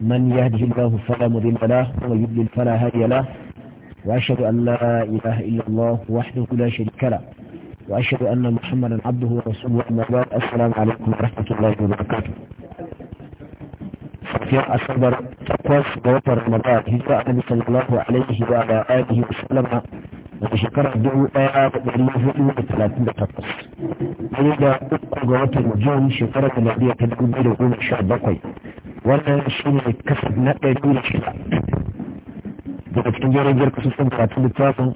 من يهده الله فلا مضل له ومن يضلل فلا هادي له واشهد ان لا اله الا الله وحده لا شريك له واشهد ان محمدا عبده ورسوله اما بعد السلام عليكم ورحمه الله وبركاته في اصبر تقوس بوتر مدار هجاء النبي صلى الله عليه وعلى اله وسلم وتشكر الدعوة بأنه في الوقت الثلاثين تقص. ويجا أبقى جواتي مجان شكرة الذي يتبقى بيلو قوم الشعب بقيت. ولا شيء ne kasar يكون شيء da shida daga cikin قاتل kasusun karatun littafin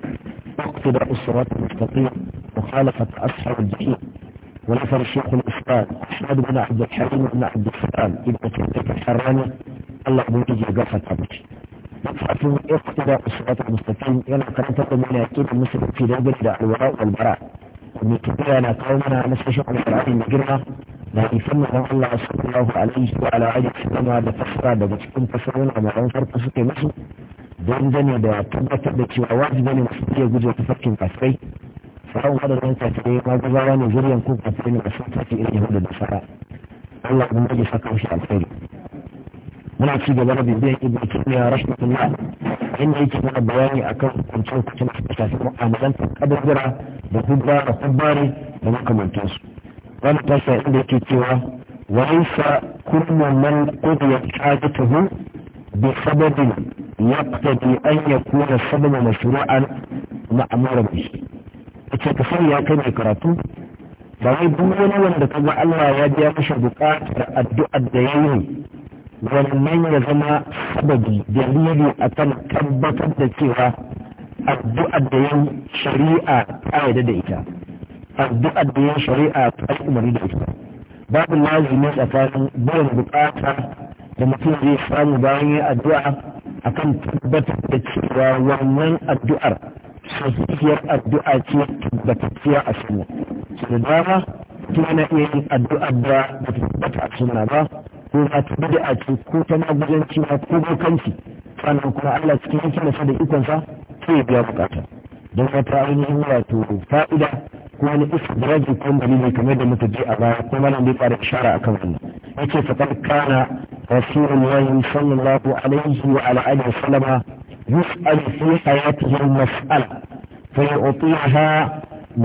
اقتدى الصراط المستقيم مخالفة أصحاب الجحيم ونفر الشيخ الأسقال أحمد بن عبد الحليم بن عبد السلام ابن تلك الحراني الله يجي قفة أبوش مدفعة اقتدى الصراط المستقيم يلا كانت من يكيد المسلم في ذلك إلى الوراء والبراء ومن كبيرنا قومنا نسل شعر العالم جرنا لكن ثم ان الله صلى الله عليه وعلى اله وسلم هذا فخر بدك تكون تسوين على ان فرق فسق مسو دون دنيا دا تبت بك واجب ان تسقي جزء تفك فسقي فهو هذا الانت تسقي ما جزارا نزول ينكو قتلين بسوطة في ان يهود النصارى الله ابن مجي فكه شعر خير من عكسي جزارة بيبيه ابن كمية رحمة الله ان ايتي من البياني اكرت كنتو كتنح بشاسي مؤامدا ابو قدرة بقبرة وقباري بمقام التنصر wani tasa inda ke cewa wa isa kullu man qudiyat hajatuhu bi sababin yaqtadi an yakuna sababa mashru'an ma'muran bihi ita ka sani ya kai mai karatu ba wai duk wani wanda ka ga Allah ya biya mishi buƙatar addu'ar da ya yi wannan ya zama sababi dalili akan tabbatar da cewa addu'ar da ya yi shari'a ta da ita addu'ar da ya shari'a ta umarni da ita babu lazimi tsakanin biyan bukata da mutum zai samu bayan yin addu'a akan tabbatar da cewa wannan addu'ar sahihiyar addu'a ce tabbatacciya a sunna da dama mutum yana iya yin addu'ar da ba tabbata a sunna ba ko za ta a ce ko ta cewa ko bokanci sannan kuma Allah cikin hikimarsa da ikonsa sai ya biya bukata don wata ainihin wato fa'ida wani istidrajin tambali ne kamar da muka je a baya ko malam bai fara ishara akan wannan yace faqad kana rasulullahi sallallahu alaihi wa ala alihi wasallama yus'al fi hayatihi al-mas'ala fa yu'tiha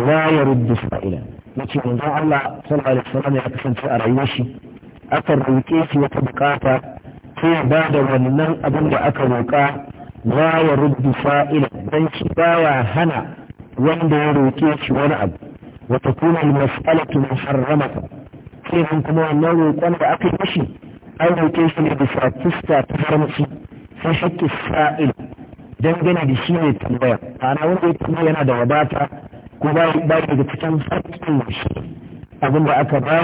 la yurdu sa'ila yace manzon Allah sallallahu alaihi wasallam ya kasance a rayuwar shi aka roƙe shi wata bukata sai ba da wannan abin da aka roƙa la yurdu sa'ila dan shi baya hana wanda ya roƙe shi wani abu وتكون المسألة محرمة كيف كما أنه كان أقل مشي أو كيف لبسا تستا تفرمسي فشك السائل dangane da shi ne tambaya ana wanda ya tambaya yana da wadata ko ba ba daga cikin hakkin shi abin da aka ba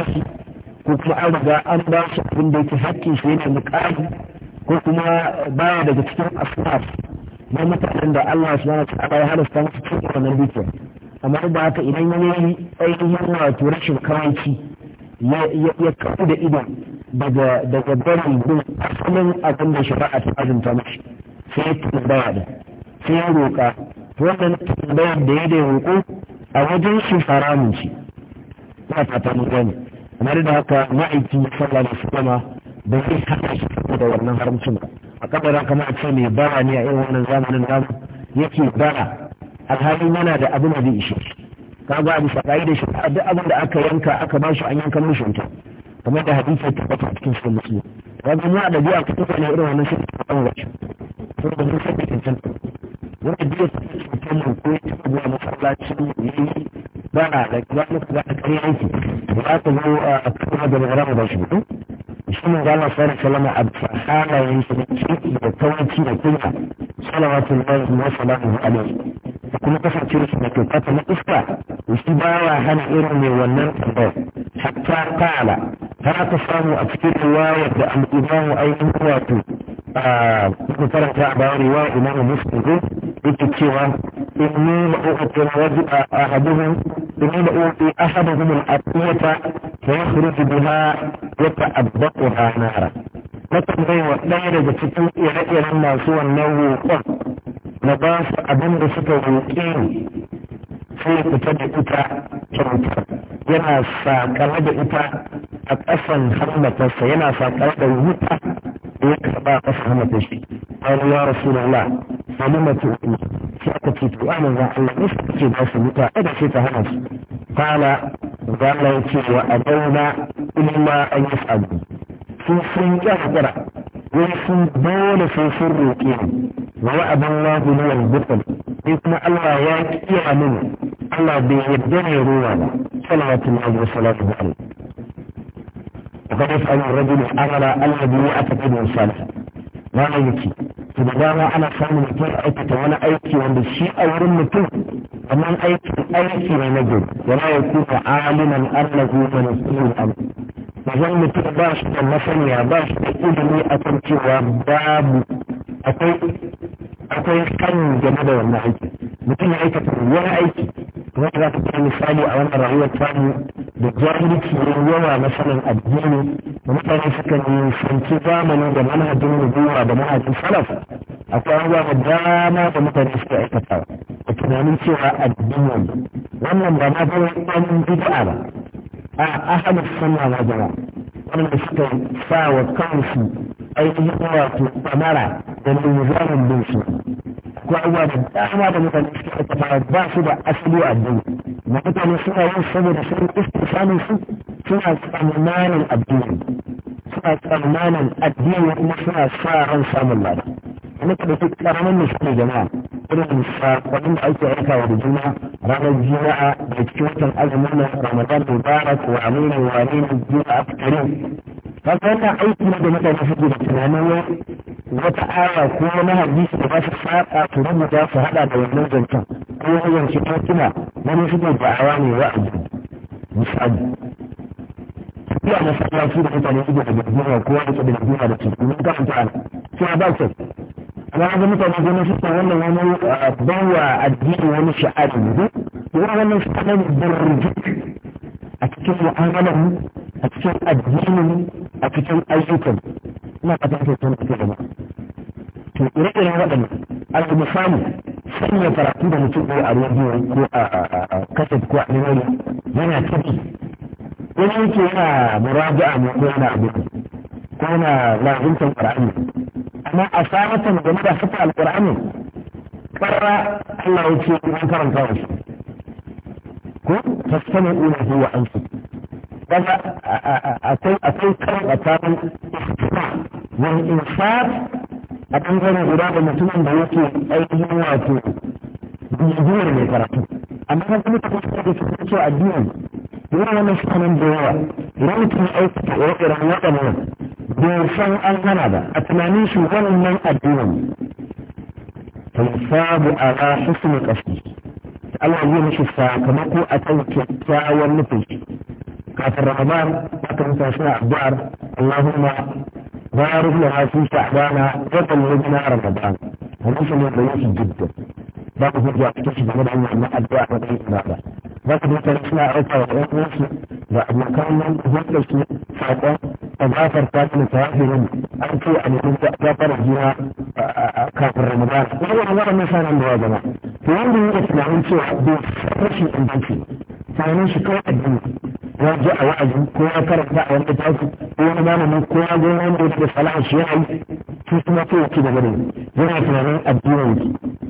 ko kuma an riga an ba abin da yake hakkin shi yana muƙari ko kuma baya daga cikin asnaf na mutanen da Allah subhanahu wa ta'ala ya halasta cikin wannan kamar ba ka idan wani ainihin wato rashin kawanci ya kafu da ido daga daga barin bin asalin abin da shari'a ta azumta mashi sai ya tambaya da sai ya roƙa wannan tambayar da ya da roƙo a wajen shi haramun ce ba ta ta mu gani kamar da haka ma'aiki sallallahu alaihi wasallam da zai haɗa shi da wannan haramcin ba a kamar haka kama a ce mai bara ne a irin wannan zamanin nan yake bara alhali yana da abin da zai ishe shi ka ga bisa da shi duk abin da aka yanka aka ba shi an yanka mishi wuta kamar da hadisi ya tabbata a cikin sunan musu. ka ga mu a dabi'a ka tuka ne irin wannan shi ta ɗan da saboda mun saka cancanta wanda biya ta tafi cutar mu ko ya tafi zuwa ya yi ba na da ba na kuma a kare yanki ba ta zo a kuma da magana ba shi ba shi ne gana sarar salama a halayen shi da kawai ci da kuma salamatul lahi wa salamu alaihi kuma kasance su na kyauta na iska shi ba wa hana irin mai wannan tambayar hatta kala har ka samu a cikin riwayar da al'imamu ainihin wato a kuma faranta a bayan riwayar imamu muslim yake cewa inni la uqtir wajha ahaduhum inni la uqti ahaduhum al-atiyata fa yakhruj biha yata'abbaqaha hanara. na tambayi wa ɗaya daga cikin ire-iren masu wannan na ba su abin da suka roƙe ni sai fita da ita kyautar yana sakare da ita a ƙasan hannatarsa yana sakare da wuta da ya karɓa a ƙasan hannatar shi wani ya rasu da la wani mutu ne sai aka ce to a nan Allah ne suka ce ba su wuta ta hana su kala zala ya ce wa a dauna ilma an yi sabu sun sun ƙyafara wasu dole sai sun roƙe ni wa wa'ada Allahu li al-bukhal ni kuma Allah ya kiya min Allah bai yarda ne ruwa ba sallallahu alaihi wa sallam وقد يسأل الرجل عمل الذي يعتقد صالحا ما يبكي to da dama ana samun mutum aikata wani aiki wanda shi a wurin mutum amma aikin aiki ne na gari wala yakunu aliman allah man yusbihu al-amr idan mutum ba shi da masaniya ba shi da ilimi a kan cewa babu akwai kan game da wannan aiki mutum ya aikata wani aiki kuma za ka kai misali a wannan rayuwar tamu da jahilci ne yawa na sanin addini da mutane suka sanci zamanin da manhajin nubuwa da manhajin salaf akwai abubuwa da dama da mutane suka aikata da tunanin cewa addini wannan ba ma ba wani bid'a ba a ahalin sunna na jama'a wanda suka sa wa kansu ainihin wato kamara da nizamin binsu ko abubuwa da dama da mutane suke aikata ba su da asali a addini na mutane suna yin saboda sun istisamin su suna tsammanin addini suna tsammanin addini kuma suna sa ran samun lada wani kuma duk karamin misali jama'a irin saƙonin da ake aikawa da juna ranar juma'a da cikin watan azumin na ramadan mubarak wa wa kare wannan aiki da mutane suke da tunanin wai wata ko wani hadisi da ba su saƙa su rubuta su haɗa da wannan zancen ko wani ne misali da mutane suke da gajiyar kowa da da da za a ga mutane gona su san wannan wani ah, bawa addini wani sha'ari ne yana wannan sha'ari burjik a cikin mu'amalar mu a cikin addinin a cikin ayyukan ina fata ta tona ta gaba to ire-iren waɗanda aka musamman samu sanya karatu da mutum ko a rediyo ko a kaset ko a rediyo yana tafi wani yake yana muraja'a ne ko yana abin كون لازمة القرآن أما أصابة جميلة فتح القرآن قرر الله يتشير من فرن فرش كون فاستمعوا له وأنصت بدا أتي أتي كون أتابع اختراع والإنصاف أكن كان إرادة متمن بيوتي أي هواته بيزور من فرحه أما أنا كنت أقول لك أن yana wani sanin da yawa idan mutum aikata ire-iren waɗannan bai san an hana ba a tunanin shi wannan addinin tunsabu a ra husnul ta Allah zai mishi sakamako a kan kyakkyawan nufin shi kafin Ramadan a kan tashin addu'ar Allahumma barik lana fi sha'bana wa ballighna Ramadan wannan shi ne da yake jidda ba ku hujja a cikin shi game da hanyar wannan addu'a ba kai ba wakiltar suna aikawa ɗan'uwansu da abokan hulɗarsu saƙon a gafar kafin tawafirin an ce a mutum gafar juna a kafin ramadan wannan wannan misalan da ya gama to wanda yi da tunanin cewa bai rashin inganci tunanin shi kawai addini ya ji a wa'azi ko ya karanta a wani tafi ko wani malami ko ya ga wani da da sala'a shi ya yi su kuma ce ya ci da gare yana tunanin addinin ki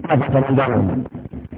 a fatan gama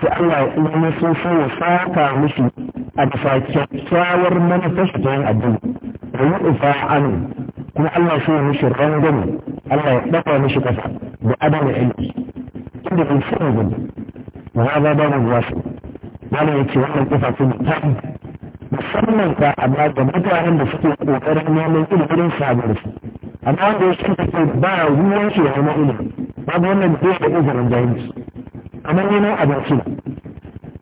sai Allah ya kuma so so ya saka musu a bisa kyakkyawar manufar ta yin addini da yi ufa anu kuma Allah so ya mishi rangwame Allah ya dafa mishi kasa da adana aiki inda bai sani gudu ma ya ba ba mu zuwa su mana ya ce wannan kafa ce ta musamman ka amma ga mutanen da suke kokarin neman ilimin sabon su amma wanda ya shi ba ruwan shi ya zama ilimi babu wannan bai da izinin jahilci kamar a abinci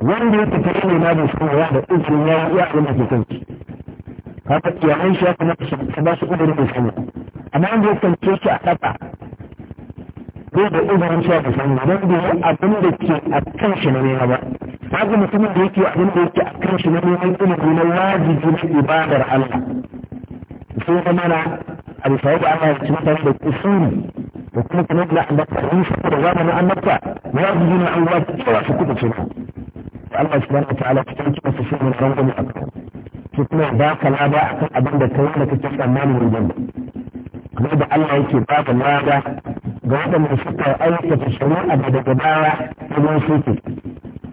wanda ya fita ne na da suna ya da izini ya yi abin da ke kanki haka iyalan shi ya kamata su ba su umarin da sani amma wanda ya kanke shi a kafa ko da umarin shi ya da sani don da yi abin da ke a kan shi na nema ba haka mutumin da yake abin da yake a kan shi na neman ilimi na wajibi na ibadar Allah sai zama na a bisa yadda Allah ya ci mutane da kusuri mutum kuma da annabta in shi da zamanin annabta ya ji na an wasu cewa su kuɗa ce ku Allah subhanahu wa ta'ala cikin cikin su shi ne rangwame a kan su kuma ba ka lada a kan abin da kai da kake tsammanin wajen da kamar da Allah yake ba ka lada ga waɗanda suka aikata shari'a da daga baya kuma su ke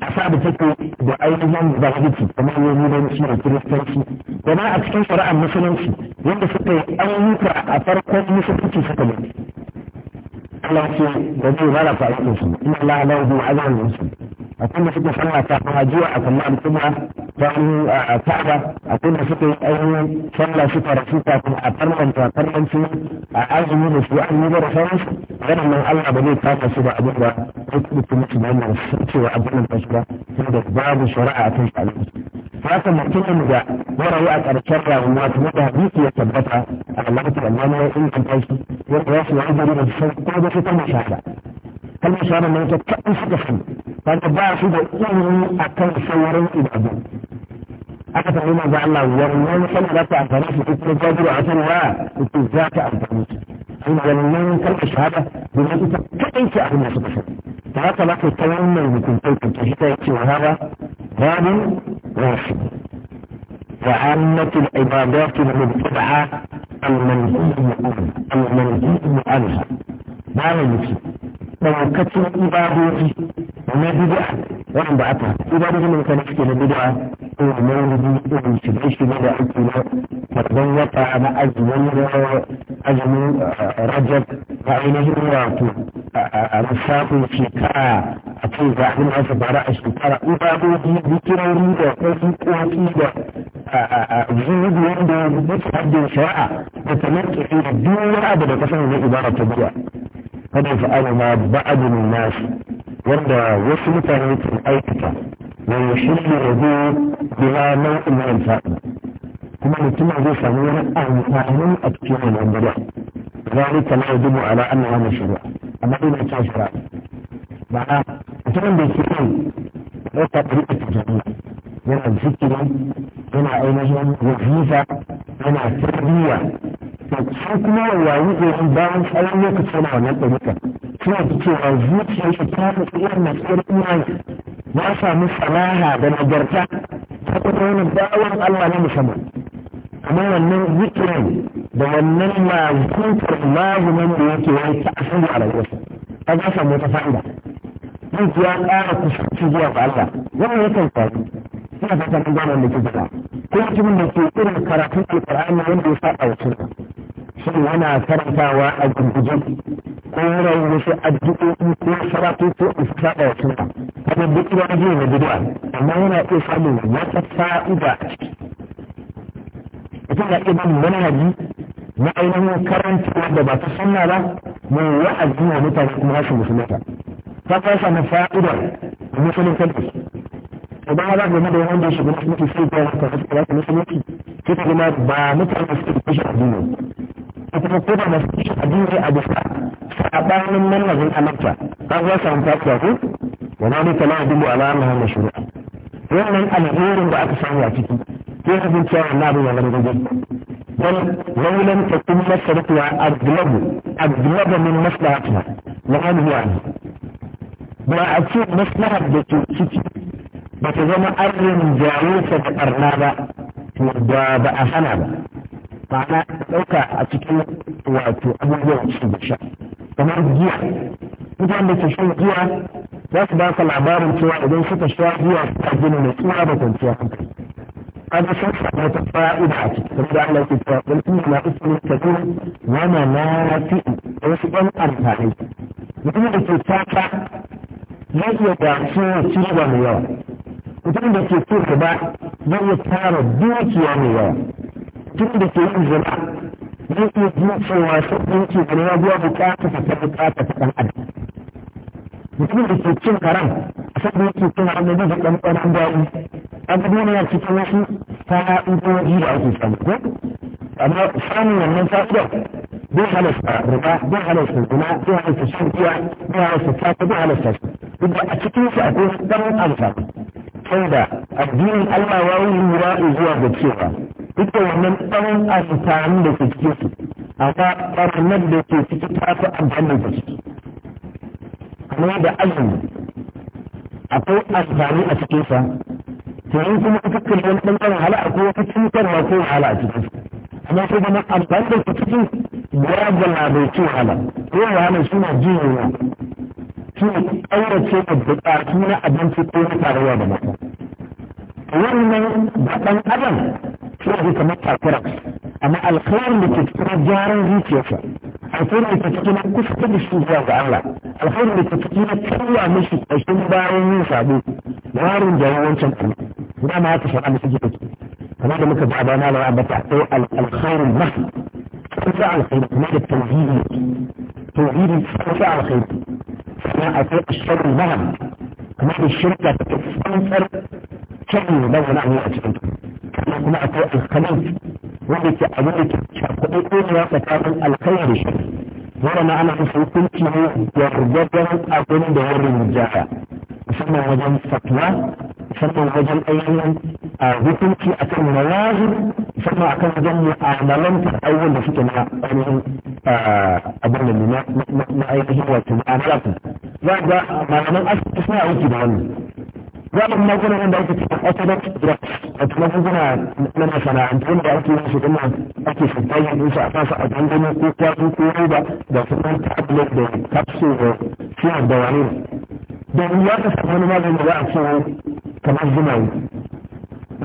asa da take da ainihin zahirci kamar yanzu da shi da kiristanci da ma a cikin shari'ar musulunci yadda suka yi ayyuka a farkon musulunci suka mutu لكن الذي غلط على المسلم ان الله لا عذاب المسلم akwai da suke sallah ta kuma jiya a kuma al'umma bayan a ka'aba akwai da suke ainihin sallah suka rasu kafin a farmanta farmanci a azumi da su an yi da sauransu yana nan Allah ba zai kafa su ba abin ba ko kuma kuma su ba nan cewa abin nan ba su ba saboda babu shari'a a kan shi al'umma haka mutumin da ya rayu a ƙarshen rayuwa kuma da hadisi ya tabbata a Allah ta Allah ne ya inganta shi ya rasu ya zama da sauƙi ko da su ta mashaka kalmar shahada nan ta kaɗan suka sani kaga ba su da ilimi a kan sauran ibadu aka tambayi manzo Allah wannan sallah za ta amfani su ko kuma jajiru a sanwa ko za ta amfani su sai wannan kalmar shahada domin ita kaɗan ce abin da suka sani ta haka za ka ta wannan hukuntai ka ta hita ya ce wa haɗa rabin rashi وعامة العبادات المبتدعة المنهي عنها المنهي عنها ما يمكن ɗaukacin ibadoji na bid'a waɗanda aka ibadoji na mutane suke na bid'a irin maulidi irin shirye-shirye da ake na babban wata na azumin azumin eh, rajab na ainihin wato a lissafin shekara a ce za a nuna su bara a shekara ibadoji zikirori da kwafi kwafi da zunubi wanda ya rubuta haddin shari'a da tanar da duk wani abu da kasan zai ibara ta biya kada fa'ala ma ba'adun nasu wanda wasu mutane ke aikata wa yushirru lahu bila nau'in min al-fa'i kuma mutumin zai samu wani amfani a cikin wannan gaba zalika la yajibu ala annaha mashru'a amma ina ta Ba ma'ana mutumin da ke kai ɗauka ɗariƙa ta jami'a yana zikiri yana ainihin wajiza yana tarbiyya sai kuma wawayi irin bayan tsawon lokaci na wannan ɗarika suna ta cewa zuciyar shi ta fi tsayar na tsayar imani ya samu salaha da nagarta ta kuma wani bawan Allah na musamman amma wannan zikirin da wannan mazukuntar mazunan da yake wani ta asali a rayuwarsa ta za samu wata fa'ida zai ya ƙara kusanci zuwa ga Allah wannan yakan faru ina fata mun gane da ke faɗa ko mutumin da ke irin karatun alƙur'ani wanda ya saba wa sunna shi yana karantawa a gurguje ko yana yin wasu addu'o'i ko saratu ko saba wa sunna kuma duk ina ji na bid'a amma yana iya samun wata fa'ida a ciki mutum na iya bin manhaji na ainihin karantawa da ba ta sunna ba mai wa'azi wa mutane kuma rashin musulunta ta kasa na fa'idar musulun kalbi amma ba game da wanda shi gwamnati muke sai da wata haske ba ta musulunci sai ta zama ba mutane suke da kashe addini ta kuma ko ba masu kashe addini a bisa saɓanin mannazin halarta ba za su samu ko wa ma mutu la yadullu ala annaha mashru'a wannan alherin da aka samu a ciki sai ka bin cewa wannan abin wannan gaje dan laulan ta kun masaratu wa adlabu min maslahatuna wa anhu ba a ce maslahar da ke ciki ba ta zama an rinjaye ta da ɓarna ba to da ba a hana ba ma'ana ɗauka a cikin wato abubuwan ci da sha kamar giya mutanen da ke shan giya za su ba ka labarin cewa idan suka sha giya suka gina mai tsira da kwanciya hankali هذا شخص متفائل حكي تبدا على الكتاب والكلمه لا اسم كثير وما نافئ وسبن الفاعل مثل الكتاب لا يدعسون سلبا يوم mutum da ke so ba zai iya tara dukiya mai yawa mutum da ke yin zama zai iya jin cewa dukiya da ya zuwa bukata ta bukata ta ɗan adam mutum da ke cin haram a sabon yake cin haram da zai ɗan ɗan daɗi an gaba yana cikin wasu fa'idoji da ake samu ko amma samun wannan fa'idar bai halasta riba bai halasta zina bai halasta shan giya bai halasta fata bai halasta duk da a cikin su akwai ɗan amfani saboda addinin Allah ya yi wura zuwa ga cewa duka wannan tsawon amfani da ke cikin su amma ɓarnar da ke ciki ta fi amfani da su kamar da azumi akwai amfani a cikin sa to kuma ka kalli wani ɓangaren hala akwai wata cutarwa ko hala a cikin sa amma sai da amfani da ke cikin ya gala bai ci hala ko wahala suna jiyewa shi ne ƙaurace da buƙatu na abinci ko na tarayya da mutum wannan da ɗan adam shi ne kamar takura amma alkhairin da ke cikin gyaran zuciyarsa alkhairin da ke cikin kusa da shi zuwa ga Allah alkhairin da ke cikin karya mishi ƙashin bayan yin sabo warin da yawancin kuma da ma haka shar'a da suke take kamar da muka ji a bana da ambata sai alkhairin mafi sai alkhairin kuma da tauhidi توجيه الفرق على خير سواء فرق الشر نعم في الشركة تتسانسر كم لو نعم يأتون كما كما أتوى الخليط وذلك أولك شرق أولي وتتعامل الخير الشر wannan ana kusa hukunci ne gwargwadon abin da ya rinjaya musamman wajen fatwa musamman wajen ainihin a hukunci a kan mawazin musamman a wajen mu'amalantar abubuwan da suke na ainihin abin da na ainihin wato ma'amalatu za ga malaman suna aiki da wannan wannan magunan da ake cikin orthodox drugs wato magunguna na masana'antu da ake yin su kuma ake shantayin din su a kasa a dangane ko kwazo ko roba da kuma tablet da capsule da siyar da wani don ya ka samu wani magani da za a ce kamar zuma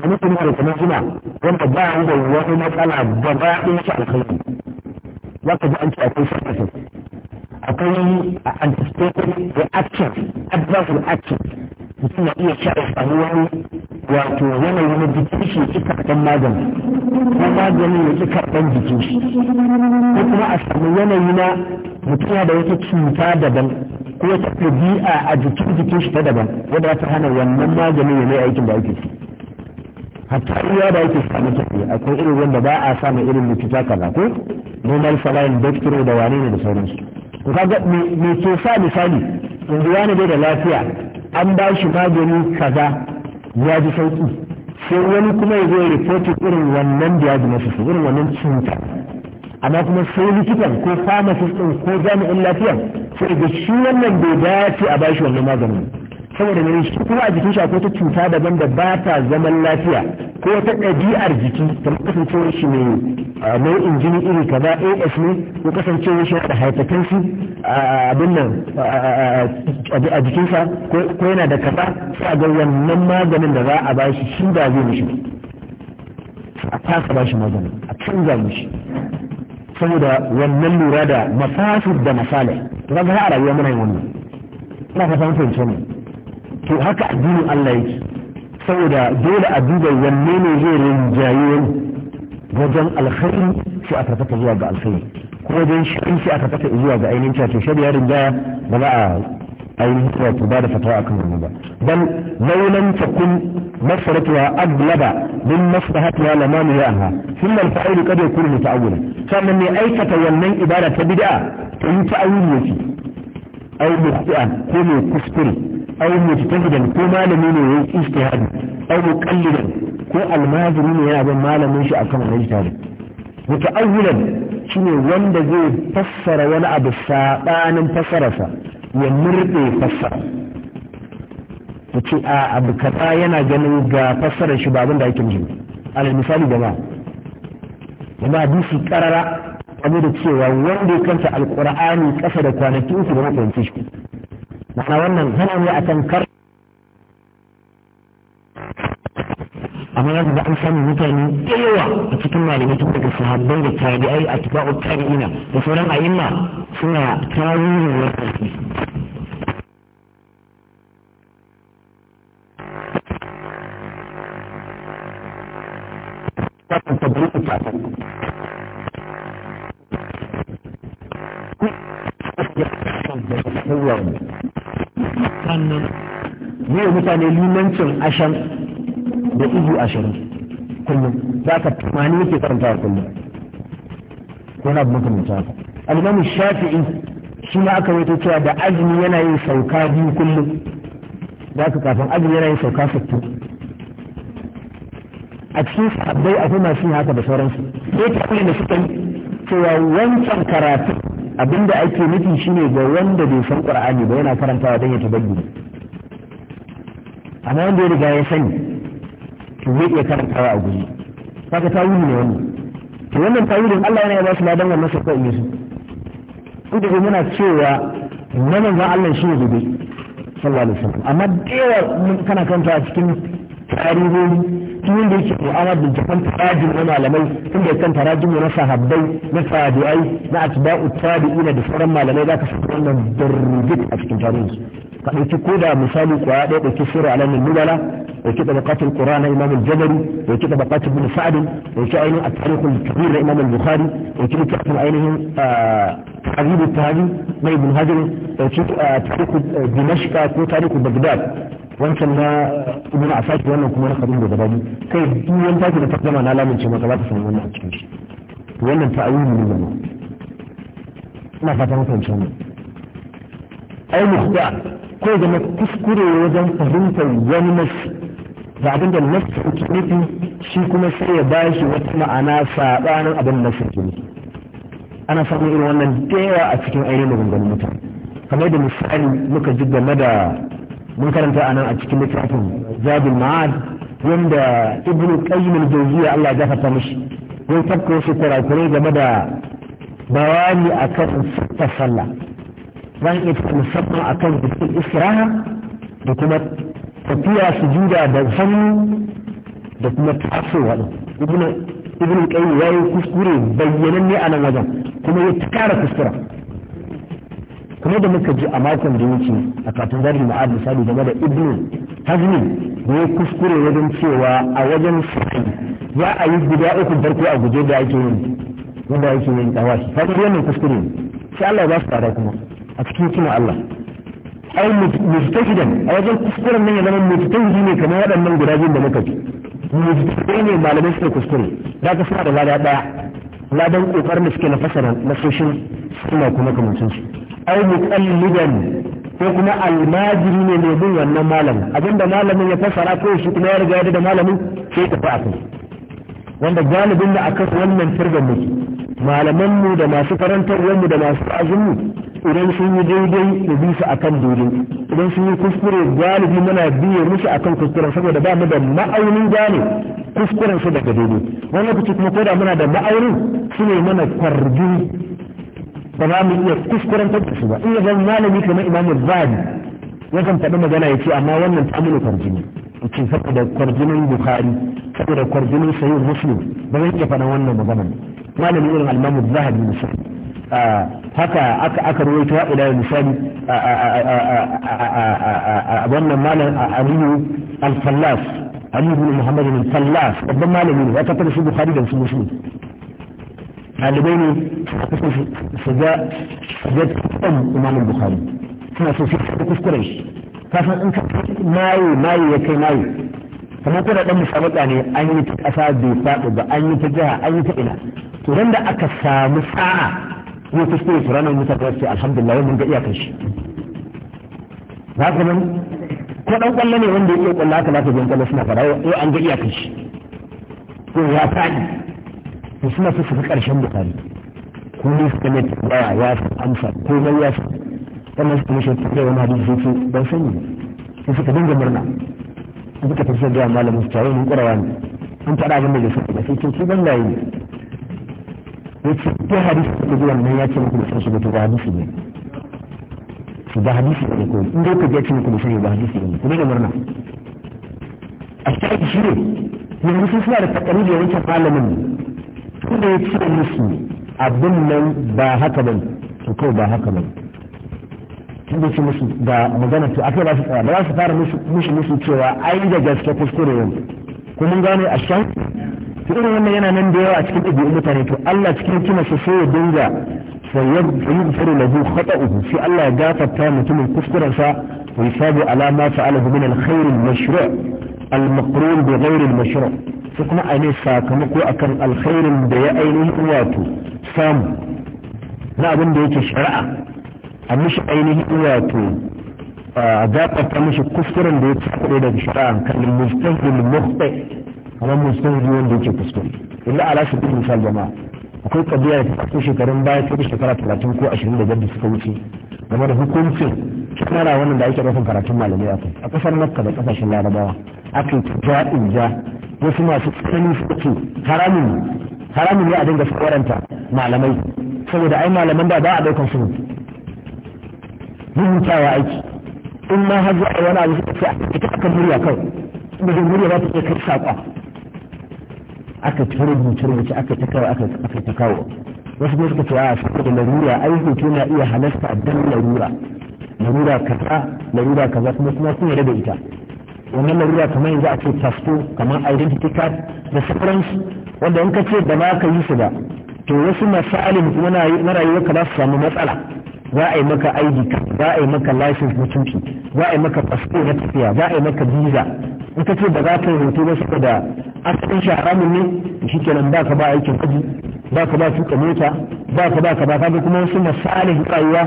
wani kuma da kamar zuma wanda ba yi da wani matsala gaba ɗin shi alkhairi za ka ji an ce akwai sarkasa akwai anticipated reaction adverse reaction mutum na iya sha amfani wani wato yanayi na jiki shi ki karɓar magani ko magani ya ki karɓar jiki shi ko kuma a samu yanayi na mutum da wata cuta daban ko wata ɗabi'a a jikin jikin shi ta daban wadda ta hana wannan magani ya mai aikin da ake hatta iya da ake samu tafiya akwai irin wanda ba a samun irin likita kaza ko normal saline doctor da wane ne da sauransu ko kaga me ke sa misali in yanzu wani dai da lafiya an ba shi magani kaza ya ji sauki sai wani kuma ya zo ya rifoti irin wannan da ya ji su irin wannan cinta amma kuma sai likitan ko pharmacist ko jami'in lafiya sai ga shi wannan bai dace a ba shi wannan maganin saboda mene shi kuma a jikin shi akwai ta cuta daban da ba ta zaman lafiya ko ta ɗabi'ar jiki ta kasancewar shi mai nau'in jini iri kaza as ne ko kasancewar shi da haifakansu abin nan a jikinsa ko yana da kaza sai ga wannan maganin da za a ba shi shi ba zai mishi a kasa ba shi maganin a canza mishi saboda wannan lura da mafasid da masalai ta kaga har a rayuwa muna yin wannan ina ka san fahimtar ne to haka addinin Allah yake saboda dole a duba wanne ne zai rinjaye wajen alkhairi sai a karkata zuwa ga alkhairi ko wajen shirin sai a karkata zuwa ga ainihin cewa to shari'a rinjaya ba za a ainihin wato ba da fatawa akan wannan ba bal laulan takun masaratuwa aglaba min maslahatiha lama mu yaha thumma al-fa'il qad yakunu muta'awwilan sannan ne aikata wannan ibada ta bid'a to yi ta'awil yake ai mut'a ko mai kuskure aw mujtahidan ko malami ne yayi ijtihad aw muqallidan ko almajiri ne yana bin malamin shi akan wannan ijtihad muta'awwilan shine wanda zai fassara wani abu sabanin fassararsa ya murde fassara ya ce a abu kaza yana ganin ga fassarar shi ba abin da ake ji alal misali gaba gaba hadisi karara abu da cewa wanda ya kanta alqur'ani kasa da kwanaki uku da mutunci shi نحن قلنا هنا مئة كر أما هذا بأنسان مثلا إيوة أتكلم على متى تقول في هذا أتباع التابعين وفلان أئمة سنة تابعين ورقصين asham da izu ashirin kullum za ka tumani yake karantawa kullum ko na abu makamanta haka alimamu shafi'i shi ma aka wato cewa da azumi yana yin sauka biyu kullum za ka kafin azumi yana yin sauka sittin a cikin sahabbai akwai masu haka da sauransu sai ta da suka yi cewa wancan karatu abinda ake nufi shine ga wanda bai san qur'ani ba yana karantawa don ya tabaggi amma wanda ya riga ya sani to zai iya karantawa a guri kaga tawili ne wannan to wannan tawilin Allah yana ba su ladan wannan sai kai su inda ko muna cewa na manzon Allah shi ne gobe sallallahu alaihi wasallam amma dewa kana kanta a cikin tarihi tun da yake mu'amala da japan tarajim na malamai tun da kan tarajim na sahabbai na sahabi'ai na atba'u tabi'ina da sauran malamai zaka samu wannan darrujit a cikin tarihi ka ɗauki koda misali kwaya ɗaya ɗauki sura alamin nubala ɗauki tabaqatul qur'an na imam al-jabari ɗauki tabaqatul ibn sa'd ɗauki ainihin at-tariqul kabir na imam al-bukhari ɗauki littafin ainihin tahzib at-tahzib na ibn hajar ɗauki tariqul dimashq ko tariqul baghdad wancan na ibn asaki wannan kuma na kabin da gabaji kai duk wani taki da ta zama na lamince maka za ka samu wannan a cikin shi wannan ta'ayyuni ne zama ina fata mutunce wannan ai mukhtar ko da na kuskure wajen fahimtar wani nasi da abin da nasi ke nufi shi kuma sai ya ba shi wata ma'ana saɓanin abin nasi ke nufi ana samun irin wannan tewa a cikin ainihin maganganun mutane kamar da misali muka ji game da mun karanta a nan a cikin littafin zabin ma'ad wanda ibn qayyim al Allah ya gafarta mishi ya tafka wasu kurakurai game da bayani akan siffar sallah za iya fita musamman a kan jikin istiraha da kuma tafiya su juda da hannu da kuma tasowa ɗin ibn qayyim ya yi kuskure ne a nan wajen kuma ya ta kara kuskura kuma da muka ji a makon da yake a kafin zari ma'ad misali game da ibn hazmi da ya kuskure wajen cewa a wajen sa'i za a yi guda uku farko a guje da ake yin wanda ake yin tawashi fadar wannan kuskure sai Allah ya ba su tsada kuma a cikin suna Allah ai mujtahidan a wajen kuskuren nan ya zama mujtahidi ne kamar waɗannan guda biyun da muka ji mujtahidi ne malamai suke kuskure da ka fara da lada daya ladan kokarin da suke na fasara soshin suna kuma kamancin su ai muqallidan ko kuma almajiri ne mai bin wannan malamin abinda malamin ya fasara ko shi kuma ya riga da malamin sai tafi kai wanda galibin da akan wannan turban muke malamanmu da masu karantarwarmu da masu azumi idan sun yi daidai da bi su akan daidai idan sun yi kuskure galibi muna biye musu akan kuskuren saboda ba mu da ma'aunin gane kuskuren su daga daidai wani lokaci kuma ko da muna da ma'aunin su ne mana kwarbi ba za mu iya kuskuren da su ba iya zan malami kamar imamu zabi yakan faɗi magana ya ce amma wannan ta amina kwarjini ce saboda kwarjinin bukhari saboda kwarjinin sayin muslim ba zan iya faɗan wannan magana malami irin almamu zahabi misali haka aka aka rawaito ila misali a wannan malam aminu al-fallas ali ibn muhammad al-fallas babban malami ne ya tafi shi bukhari da su muslim ɗalibai ne su ga kan imamin bukhari suna so su kuskure shi kasan in ka maye maye ya kai maye kuma kuna dan musabaqa mutane an yi ta kasa bai faɗi ba an yi ta jiha an yi ta ina to ran da aka samu sa'a ko ta ce su ranar ta ce alhamdulillah mun ga iyakar shi za ka nan ko dan kwallo ne wanda yake kwallo haka za ka jin kwallo suna fara yau an ga iyakar shi ko ya faɗi to suna su fi karshen bukari ko ne suka ne tambaya ya fi amsa ko mai ya fi wannan su kuma shi da wani hadisi sai ban sani sai suka dinga murna suka tafi sai da malamin su tare mun kurawa ne an faɗa abin da ya faɗa sai ce ki ban da yi yace ta hadisi da zuwan nan ya ce muku da sun ba hadisi ne su ba hadisi ne ko in dai ka je cikin kuma sai ba hadisi ne kuma da murna a cikin shi ne yanzu sun suna da takari da wancan malamin kuma ya ce musu abin nan ba haka bane to kai ba haka bane tun da musu da magana to akai ba su tsaya ba za su fara musu musu cewa ai da gaske kuskure yanzu ko mun gane a shan to irin wannan yana nan da yawa a cikin ɗabi'un mutane to Allah cikin kima su so ya dinga na lahu khata'uhu sai Allah ya gafarta mutumin kuskurensa wa yusabu ala ma fa'alahu min al-khair al bi ghayr kuma a ne sakamako akan alkhairin da ya ainihin wato samu na abin da yake shari'a a mishi ainihin wato a gafarta mishi kuskuren da ya tsaye daga shari'a kan mustahil mukhtai kamar mustahil wanda yake kuskure illa ala shi bin misal jama'a akwai kabiya da ta shekarun baya sai da shekara talatin ko ashirin da biyar suka wuce game da hukuncin shekara wannan da ake rufin karatun malamai a kai a kasar makka da kasashen larabawa aka yi ja'in ja wasu masu tsanani suke haramun haramun ne a dinga faranta malamai saboda ai malaman da ba a daukan su rubutawa aiki in ma har za a wani abu suka ce a ita aka murya kawai inda zai murya za ta iya kai saƙon aka ci rubuce rubuce aka ta kawo aka ta kawo wasu ne suka ce a saboda larura ai hoto na iya halasta dan larura larura kaza larura kaza kuma kuma sun yarda da ita wannan larura kamar yanzu a ce tasto kamar identity card da sauransu wanda in ka ce da ma ka yi su ba to wasu masalin na rayuwa ka za su samu matsala za a yi maka ID za a yi maka license na za a yi maka passport na tafiya za a yi maka visa in ka ce ba za ka yi hoto ba saboda asalin shaharamun ne shi kenan ba ka ba aikin kaji ba ka ba tuka mota ba ka ba ka ba kaga kuma wasu masalin rayuwa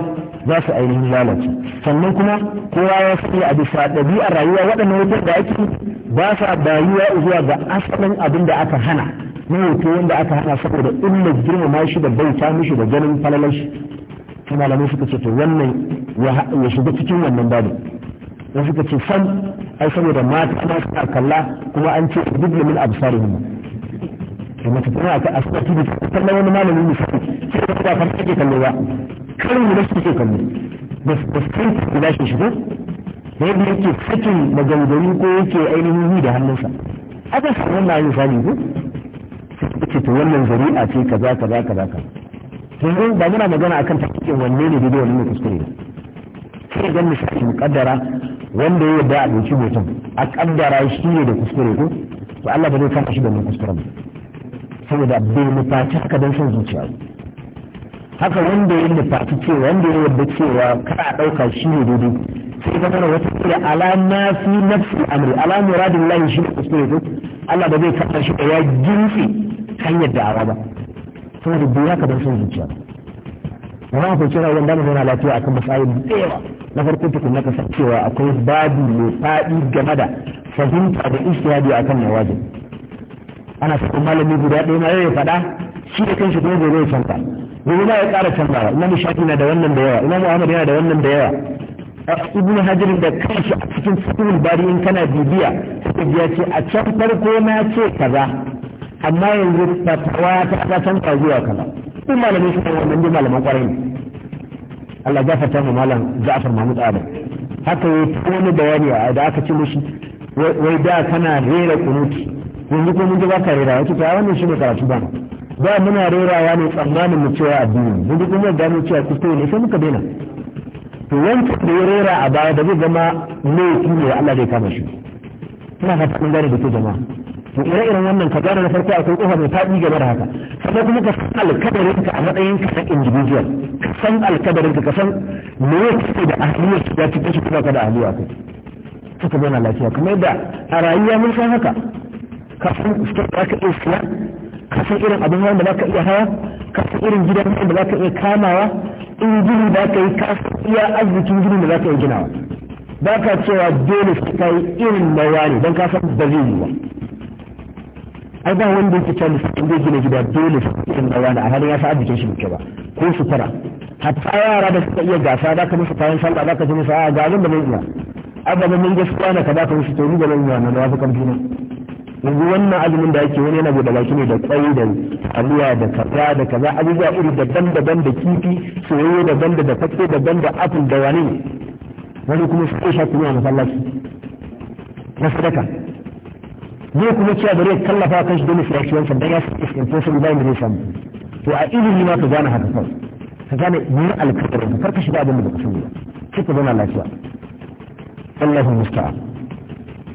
za su ainihin lalace sannan kuma kowa ya sani a bisa ɗabi'ar rayuwa waɗannan hoton da ake ba sa bayuwa zuwa ga asalin abin da aka hana na hoto wanda aka hana saboda illa girmama shi da bauta mishi da ganin falalar shi ta malamai suka ce to wannan ya shiga cikin wannan babu da suka ce san ai saboda mata ana suka kalla kuma an ce duk min kuma to mace tana aka asuba ta kalla wani malami ne sai ce da ba fara take kallo ba karin da suke kallo da su kai da shi shigo da yadda yake sakin maganganu ko yake ainihin yi da hannunsa aka samu na yin sani ko sai ce to wannan zari'a ce kaza kaza kaza kaza yanzu ba muna magana akan tafikin wanne ne daidai wanne ne kuskure sai ganin shi mu kaddara wanda ya da abinci mutum a kaddara shi ne da kuskure ko to Allah ba zai kama shi da mai kuskure ba saboda bai mutaci haka don son zuciya haka wanda ya nufaci cewa wanda ya yarda cewa kada a ɗauka shi ne daidai sai ga mana wata kira ala nafi nafsi amri ala muradin lahi shi ne kuskure ko Allah ba zai kama shi da ya jinsi hanyar da'awa ba saboda bai ya kamar son zuciya ba za ku ce ra'ayin da mu lafiya akan masayin da yawa na farko tukun na kasar cewa akwai babu mai faɗi game da fahimta da istiyadi akan nawajin ana sakon malami guda ɗaya ma ya faɗa shi da kanshi kuma bai zai canza gobe ma ya ƙara canzawa imamu shafi na da wannan da yawa imamu ahmad yana da wannan da yawa ibn hajar da kanshi a cikin fatul bari in kana bibiya sai ya ce a can farko na ce kaza amma yanzu fatawa ta ta ka zuwa kaza duk malamin shi wannan duk malaman kwarai ne Allah ya fata mu malam Ja'far Mahmud Adam haka ta wani bayani a da aka ci mushi wai da kana rera kunuti yanzu ko mun ji baka rera wato ta wannan shi ne karatu ba ba muna rerawa ne tsammanin mu cewa addini mun ji kuma gano cewa kuskure ne sai muka daina to wanda da ya rera a baya da zai zama laifi ne Allah zai kama shi ina ka mun gane da ke jama'a to ire iren wannan ka gane na farko akwai kofa mai faɗi game da haka sannan kuma ka san alkadarin ka a matsayin ka na individual ka san alkadarin ka ka san me ya kike da ahliyar ya cikin shi kuma ka da ahliya kai Saka zauna lafiya kuma yadda a rayuwa mun san haka ka san state da ka iya siya ka san irin abin wanda da za ka iya hawa ka san irin gidan da za ka iya kamawa in gini da ka yi kasuwa iya arzikin gini da za ka iya ginawa ba ka cewa dole su kai irin mawa ne don ka san ba zai yi ba ai ba wanda yake cewa lissafin zai gina gida dole sun na wani a halin ya sa arzikin shi muke ba ko sutura hatta yara da suka iya gasa za ka musu kayan sallah za ka ji musu a ga abin da mun iya abada mun gaskiya na ka za ka musu to ni da mun iya na wasu kan karfi yanzu wannan azumin da yake wani yana bude baki ne da tsayi da aluwa da kaza da kaza abubuwa iri daban-daban da kifi soyayya daban da fatse daban da apple da wani wani kuma su sha kuma masallaci na sadaka zai kuma cewa bari ya tallafa kan shi dole shi yaki daga dan ya fuskanci sun ba samu to a ilimi ma ka gane haka kawai ka gane yin alƙawarin ka farka shiga abin da ba ka sani ba sai ka lafiya Allahu musta'an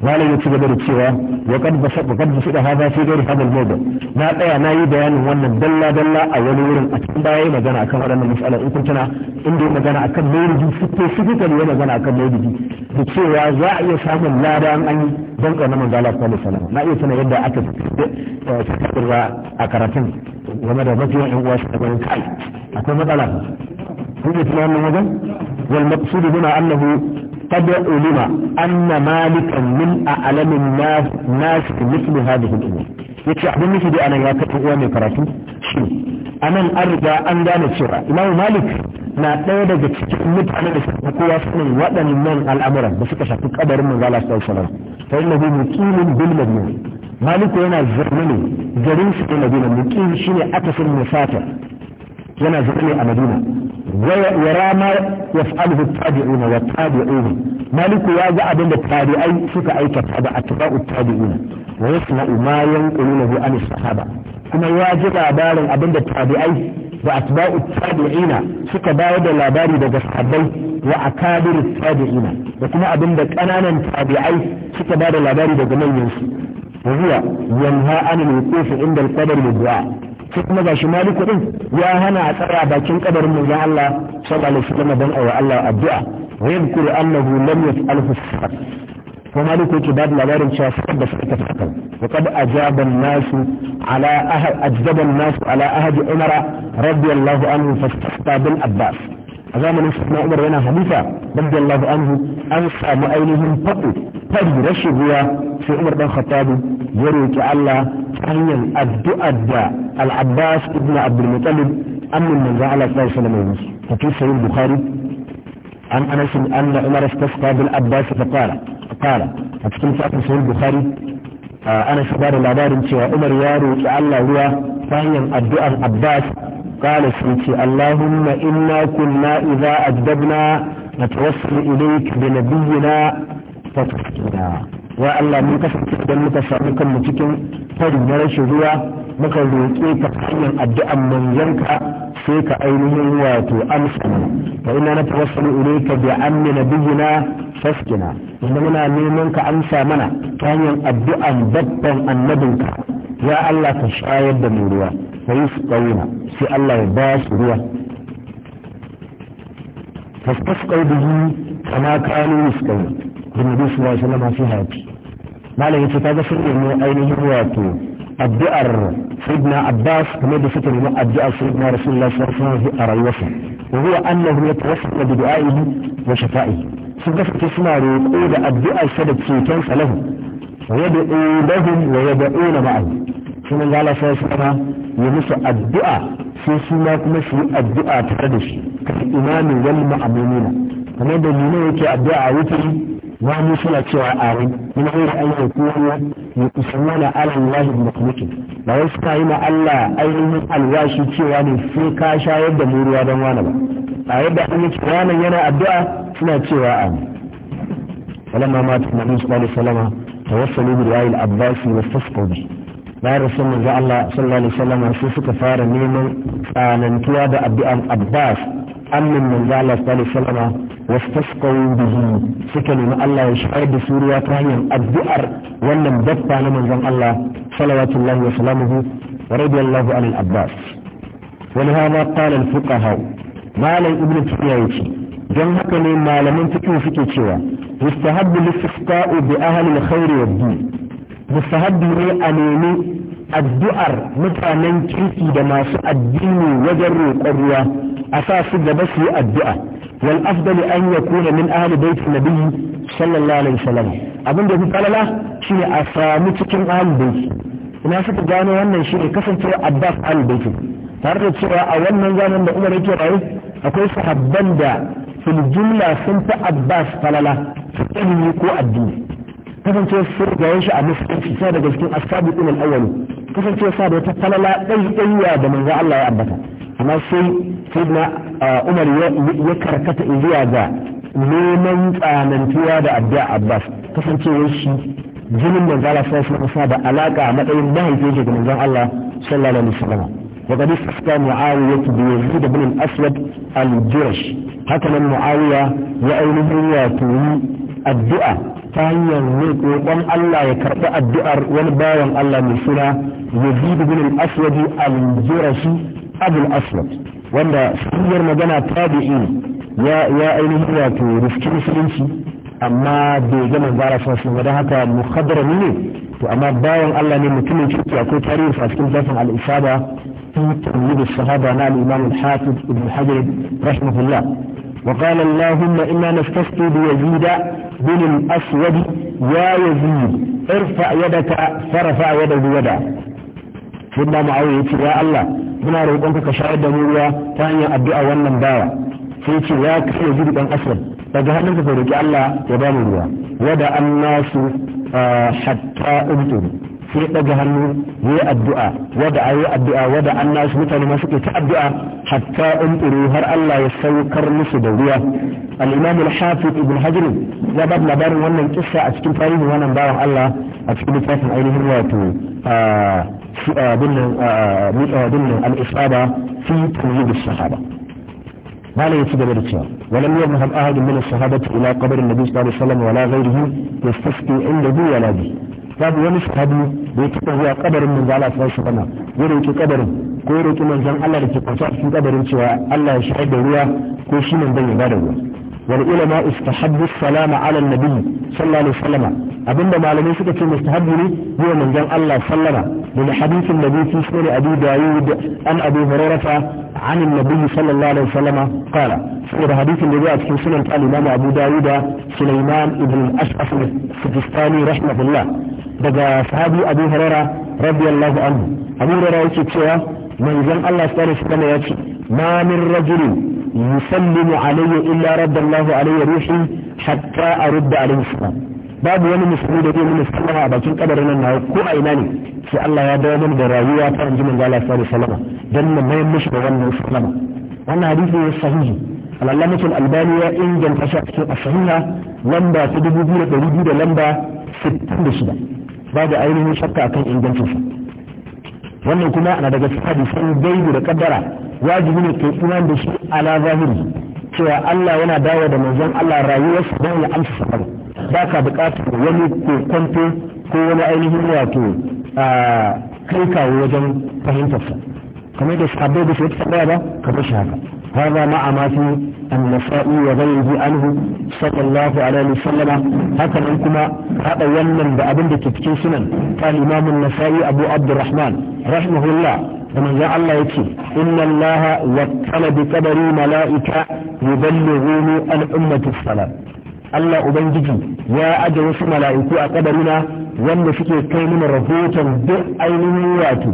malam ya ci gaba da cewa wa kad basata kad basata hada fi ghairi hadal mawdu na tsaya na yi bayanin wannan dalla dalla a wani wurin a cikin baya magana akan waɗannan mas'ala in kun tana inda magana akan mawlidi fito fito ne magana akan mawlidi da cewa za a iya samun lada an an dan kauna manzo Allah sallallahu alaihi wasallam na iya sanar yadda aka fitarwa eh, a karatun game da mafiyan yan uwa shi kai akwai matsala kun yi tunanin wajen wal maqsud huna annahu قد علم أن مالكا من أعلم الناس ناس مثل هذه الأمور yace abin nufi dai anan ya kafa uwa mai karatu shi anan an riga an gane cewa imamu malik na ɗaya daga cikin mutane da suka kowa sanin waɗannan al'amuran da suka shafi kabarin manzo Allah sallallahu alaihi wasallam fa innahu muqimin bil maliku yana zaune ne garin ne akasin musafir yana zaune a madina ويرى ما يفعله التابعون والتابعون مالك يا أبن التابعين فك أي هذا أتباع التابعون ويسمع ما ينقلونه عن الصحابة كما يواجب أبار أبن التابعين وأتباع التابعين فك باود الأبار دقى الصحابي وأكابر التابعين وكما أبن أنا التابعين فك باود الأبار دقى من ينسي وهو ينهى عن الوقوف عند القدر للدعاء sai kuma gashi maliku din ya hana a tsaya bakin kabarin manzon Allah sallallahu alaihi wasallam dan awa Allah addu'a wa yadhkuru annahu lam yaf'alhu sahab ko maliku yake babu labarin cewa sakar da suka tafi wa kad ajaba an-nasu ala ahad ajaba an-nasu ala ahad umara radiyallahu anhu fastaqta bil abbas a zamanin suna umar yana halifa radiyallahu anhu an samu ainihin faɗo fari rashin ruwa sai umar dan khattab ya roki Allah ta hanyar addu'a da al-abbas ibn abdul muttalib amin manzo Allah sallallahu alaihi wasallam ya fi sahih bukhari an anas anna umar istasqa bil abbas fa qala qala a cikin sahih bukhari ana shi labarin cewa umar ya roki Allah ruwa ta hanyar addu'ar abbas قال سيتي اللهم إنا كنا إذا أجدبنا نتوصل إليك بنبينا فتفتنا وألا من تفتك دمك سألك متكن فجدرش هو مكروكي تقحيا أبدأ من ينكع فيك أينه واتو أمسنا فإنا نتوصل إليك بأمن نبينا فاسكنا إننا نيمنك أمسى منا كان أبدأ بطا النبيك يا الله تشاهد بمروه فيسقون في الله يباس روى فاستسقوا به كما كانوا يسقون بالنبي صلى الله عليه وسلم في هذه ما لا يتكاد في انه اينه واتو الدئر سيدنا عباس كما بسكر ما الدئر سيدنا رسول الله صلى الله عليه وسلم في الوصف وهو انه يتوسل بدعائه وشفائه سيدنا في تسمع روح الدئر سبب سيكون له ويدعو لهم ويدعون معه sai su Allah sallallahu ya musu addu'a sai su ma kuma su yi addu'a tare da shi kan imani wal ma'amumina kamar da nuna yake addu'a a wutari wani suna cewa amin Allah ghairi an yakunu yusallu ala Allah da makhluqin ba wai suka yi ma Allah ainihin alwashi cewa ne sai ka shayar da mu ruwa dan wani ba a yadda an yi kiranan yana addu'a suna cewa amin falamma mata nabi sallallahu alaihi wasallam tawassalu bi riwayil abbasi wastasqu bi bayan rasul manzo Allah sallallahu alaihi wasallam sai suka fara neman tsanantuwa da addu'an Abbas annin manzo Allah sallallahu alaihi wasallam wastasqaw bihi suka nemi Allah ya shayar da suriya ta hanyar addu'ar wannan dabba na manzon Allah sallallahu wa sallamuhu wa radiyallahu anil Abbas wani hama qala al-fuqaha malam ibnu tayyib yace don haka ne malaman fikin suke cewa yustahabbu listifqa'u bi ahli al-khair wa din mustahabbi ne a nemi addu'ar mutanen kirki da masu addini wajen roƙon ruwa a sa su gaba su yi addu'a wal afdali an yakuna min ahli baitin nabiyyi sallallahu alaihi wasallam abin da fi falala shine a samu cikin ahli baiti ina suka gano wannan shine kasance abbas ahli baiti tare da cewa a wannan zamanin da umar yake rayu akwai sahabban da fil jumla sun fi abbas falala ilimi ko addini kasancewa sun gayen shi a musulunci sai daga cikin asabi ɗin al'awali kasancewa sa da wata falala ɗaiɗaiwa da manzo Allah ya ambata amma sai sai na umar ya karkata zuwa ga neman tsanantuwa da abda abbas kasancewar shi jinin manzo Allah sai sun sa da alaka a matsayin mahaifin shi ga manzon Allah sallallahu alaihi wasallam وقد استفتى معاوية بيزيد بن الأسود الجرش هكذا معاوية وأينه واتوي الدعاء ta hanyar mai roƙon Allah ya karɓi addu'ar wani bawan Allah mai suna Yazid bin al-Aswad al-Jurashi Abul Aswad wanda yar magana tabi'i ya ya ainihin wato riski musulunci amma bai ga manzara sosai ba haka muhaddarami ne to amma bayan Allah ne mutumin kirki akwai tarihi a cikin zafin al-Isaba fi tamyiz sahaba na al-Imam al-Hafiz Ibn Hajar rahimahullah وقال اللهم إنا نستفتي بيزيد بن الأسود يا يزيد ارفع يدك فرفع يده يدا ثم معاوية يا الله هنا روبانك كشاهد موليا تانيا أبدأ وانا مباوة سيتي يا كفي يزيد بن أسود فجهنم فروك الله يبامروا ودع الناس حتى أبتلوا sai ɗaga hannu ya yi addu'a wada a yi addu'a wada an nasu mutane masu ke ta addu'a hatta umturu har Allah ya saukar musu da ruwa al-imam al-hafiz ibn hajar ya ba labarin wannan kissa a cikin tarihin wannan bawan Allah a cikin littafin ainihin wato abin nan al-isaba fi tawhid as-sahaba ماذا يتدبر الشيء ولم يذهب أحد من الصحابة إلى قبر النبي صلى الله عليه وسلم ولا غيره يستسقي عنده ولا به babu wani sahabi da ya taɓa zuwa kabarin manzo Allah sallallahu alaihi wasallam ya roki kabarin ko ya roki manzon Allah da ke kwance cikin kabarin cewa Allah ya shayar da ruwa ko shi manzon ya bada ruwa wal ulama istahabbu salama ala nabi sallallahu alaihi wasallam abinda malamai suka ce mustahabbi ne yi wa manzon Allah sallama da hadisin nabi fi sunan abi dawud an abi hurairah عن النبي صلى الله عليه وسلم قال في حديث النبي في سنة الإمام أبو داود سليمان بن الأشعث السجستاني رحمه الله daga sahabi abu hurara radiyallahu anhu abu hurara yake cewa manzon Allah sallallahu alaihi ya ce ma min rajulin yusallimu alayya illa raddallahu alayya ruhi hatta arudda alayhi salam babu wani musulmi da zai mini sallama a bakin kabarin nan nawa ko a ina ne sai Allah ya dawo da rayuwa ta inji manzo Allah sallallahu alaihi dan na mai mishi da wannan sallama wannan hadisi ne sahihi al-Allamah al-Albani ya inganta shi a cikin as-Sahiha lamba ta 2200 da lamba 66 babu ainihin shakka akan ingancinsa wannan kuma na daga cikin hadisan gaibu da kaddara wajibi ne ke iman da shi ala zahiri cewa Allah yana dawo da manzon Allah rayuwarsa don ya amsa safar ba ka buƙatar wani kokonto ko wani ainihin wato kai kawo wajen fahimtarsa kamar da sahabbai da su wata tambaya ba bar shi haka هذا مع ما في النسائي وغيره عنه صلى الله عليه وسلم هكذا كما هذا يمن بأبن تكتين سنن قال إمام النسائي أبو عبد الرحمن رحمه الله ومن جاء الله يكي إن الله وكل بقدر ملائكة يبلغون الأمة السلام Allah Ubangiji ya aje wasu mala'iku a kadarina wanda suke kai mana rahoton duk ainihin wato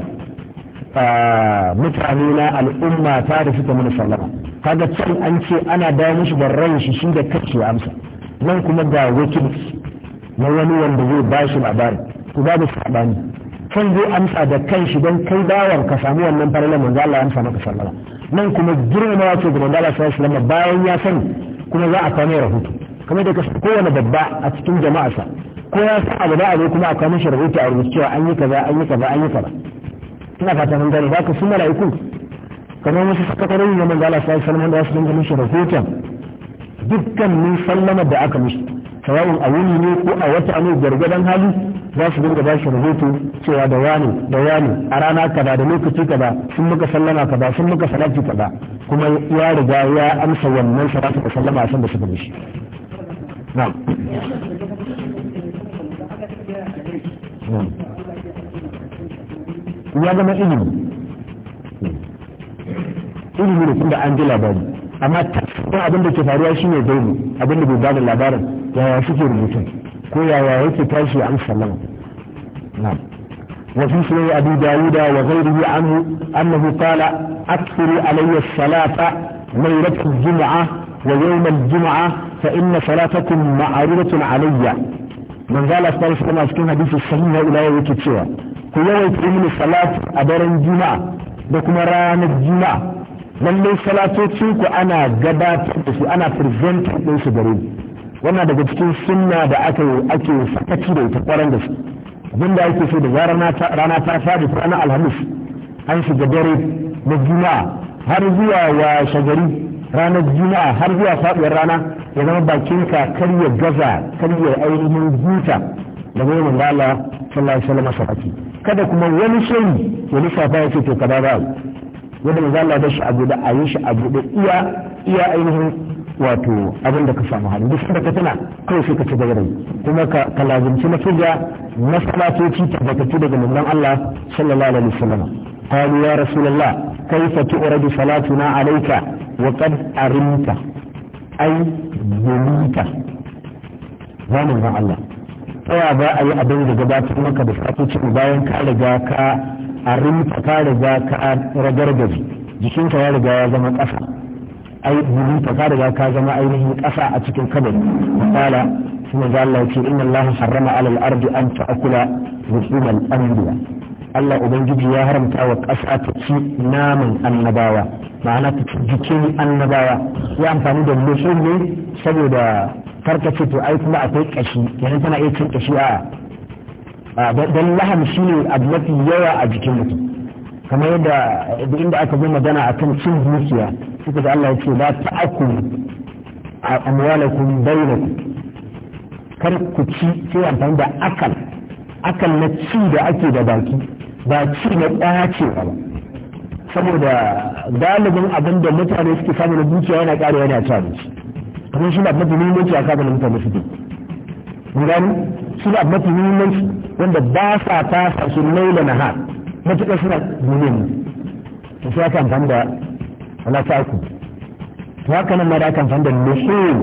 mutane na al'umma ta da suka mana sallama kaga can an ce ana dawo musu da ran shi shi da kace amsa nan kuma ga wakil na wani wanda zai ba shi labari ku da sabani can zai amsa da kanshi don kai bawan ka samu wannan farilla manzo Allah amsa maka sallama nan kuma girma ce da manzo Allah sallallahu alaihi bayan ya sani kuma za a kawo mai rahoto kamar da kasa kowane babba a cikin jama'arsa ko ya sa abu da abu kuma a kawo mishi rahoto a rubuce cewa an yi kaza an yi kaza an yi kaza ina fata mun gane haka su mala'iku kamar wasu sakatarori na manzala sai salman da su dinga mishi rahoton dukkanin sallama da aka mishi sawa'un a wuni ne ko a wata ano gargadan hali za su dinga ba shi rahoto cewa da wani da wani a rana kaza da lokaci kaza sun muka sallama kaza sun muka salati kaza kuma ya riga ya amsa wannan salatu da sallama a san da suka mishi na'am ya zama ilimi ilimi ne tunda an ji labari amma ta abin da ke faruwa shine daini abin da bai ba da labarin yaya suke rubutun ko yaya yake tashi an sallama na'am وفي سنن أبي داود وغيره عنه أنه قال أكثر علي الصلاة ليلة الجمعة ويوم الجمعة alayya صلاتكم معروضة علي من قال أصبر سلام أسكين حديث الصحيح إلى cewa. ku yawaita yin salat a daren juma'a da kuma ranar juma'a lallai salatocin ku ana gabatar da su ana presenting din su gare wannan daga cikin sunna da aka ake sakaci da ita kwaran gaske abin da ake so da zarar rana ta fadi ranar alhamis an shiga dare na juma'a har zuwa wa shagari ranar juma'a har zuwa faɗuwar rana ya zama bakinka kar ya gaza karya ainihin huta da goma Allah sallallahu alaihi wasallam kada kuma wani shehi ya lissafa ya ce to kaza ba wanda manzo Allah ya shi abu da ayi shi abu da iya iya ainihin wato abin da ka samu hannu duk da ka tana kawai sai ka ci gaba da kuma ka ka lazimci mafiya na salatoci tabbatattu daga manzon Allah sallallahu alaihi wasallam قالوا يا رسول الله كيف تعرض صلاتنا عليك arimta أرمت أي بنيت ظامن Allah. tsaya ba a yi abin da gabatar maka da fatocin bayan ka riga ka a rinta ka riga ka ragargaje jikinka ya riga ya zama ƙasa ai burinta ka riga ka zama ainihin ƙasa a cikin kabari misala suna da Allah ce inna Allah harrama alal ardi an ta'kula lusumal anbiya Allah ubangiji ya haramta wa ƙasa ta ci naman annabawa ma'ana ta ci jikin annabawa ya amfani da lusul ne saboda ka ce to ai kuma akwai kashi yanzu tana iya cin kashi a don laham shi ne abu mafi yawa a jikin mutum kamar yadda inda aka zo magana a kan cin dukiya suka da Allah ya ce la ta'akulu amwalakum bainakum kar ku ci sai amfani da akal akal na ci da ake da baki ba ci na ce ba saboda galibin abin da mutane suke samu na dukiya yana ƙara yana ci kuma shi na mafi muhimmanci a kafin mutane suke mun gani shi na mafi muhimmanci wanda ba sa tasa su laila na har matuƙar suna duniya mu to sai aka amfani da alaƙaƙu to haka nan ma da aka amfani da nusul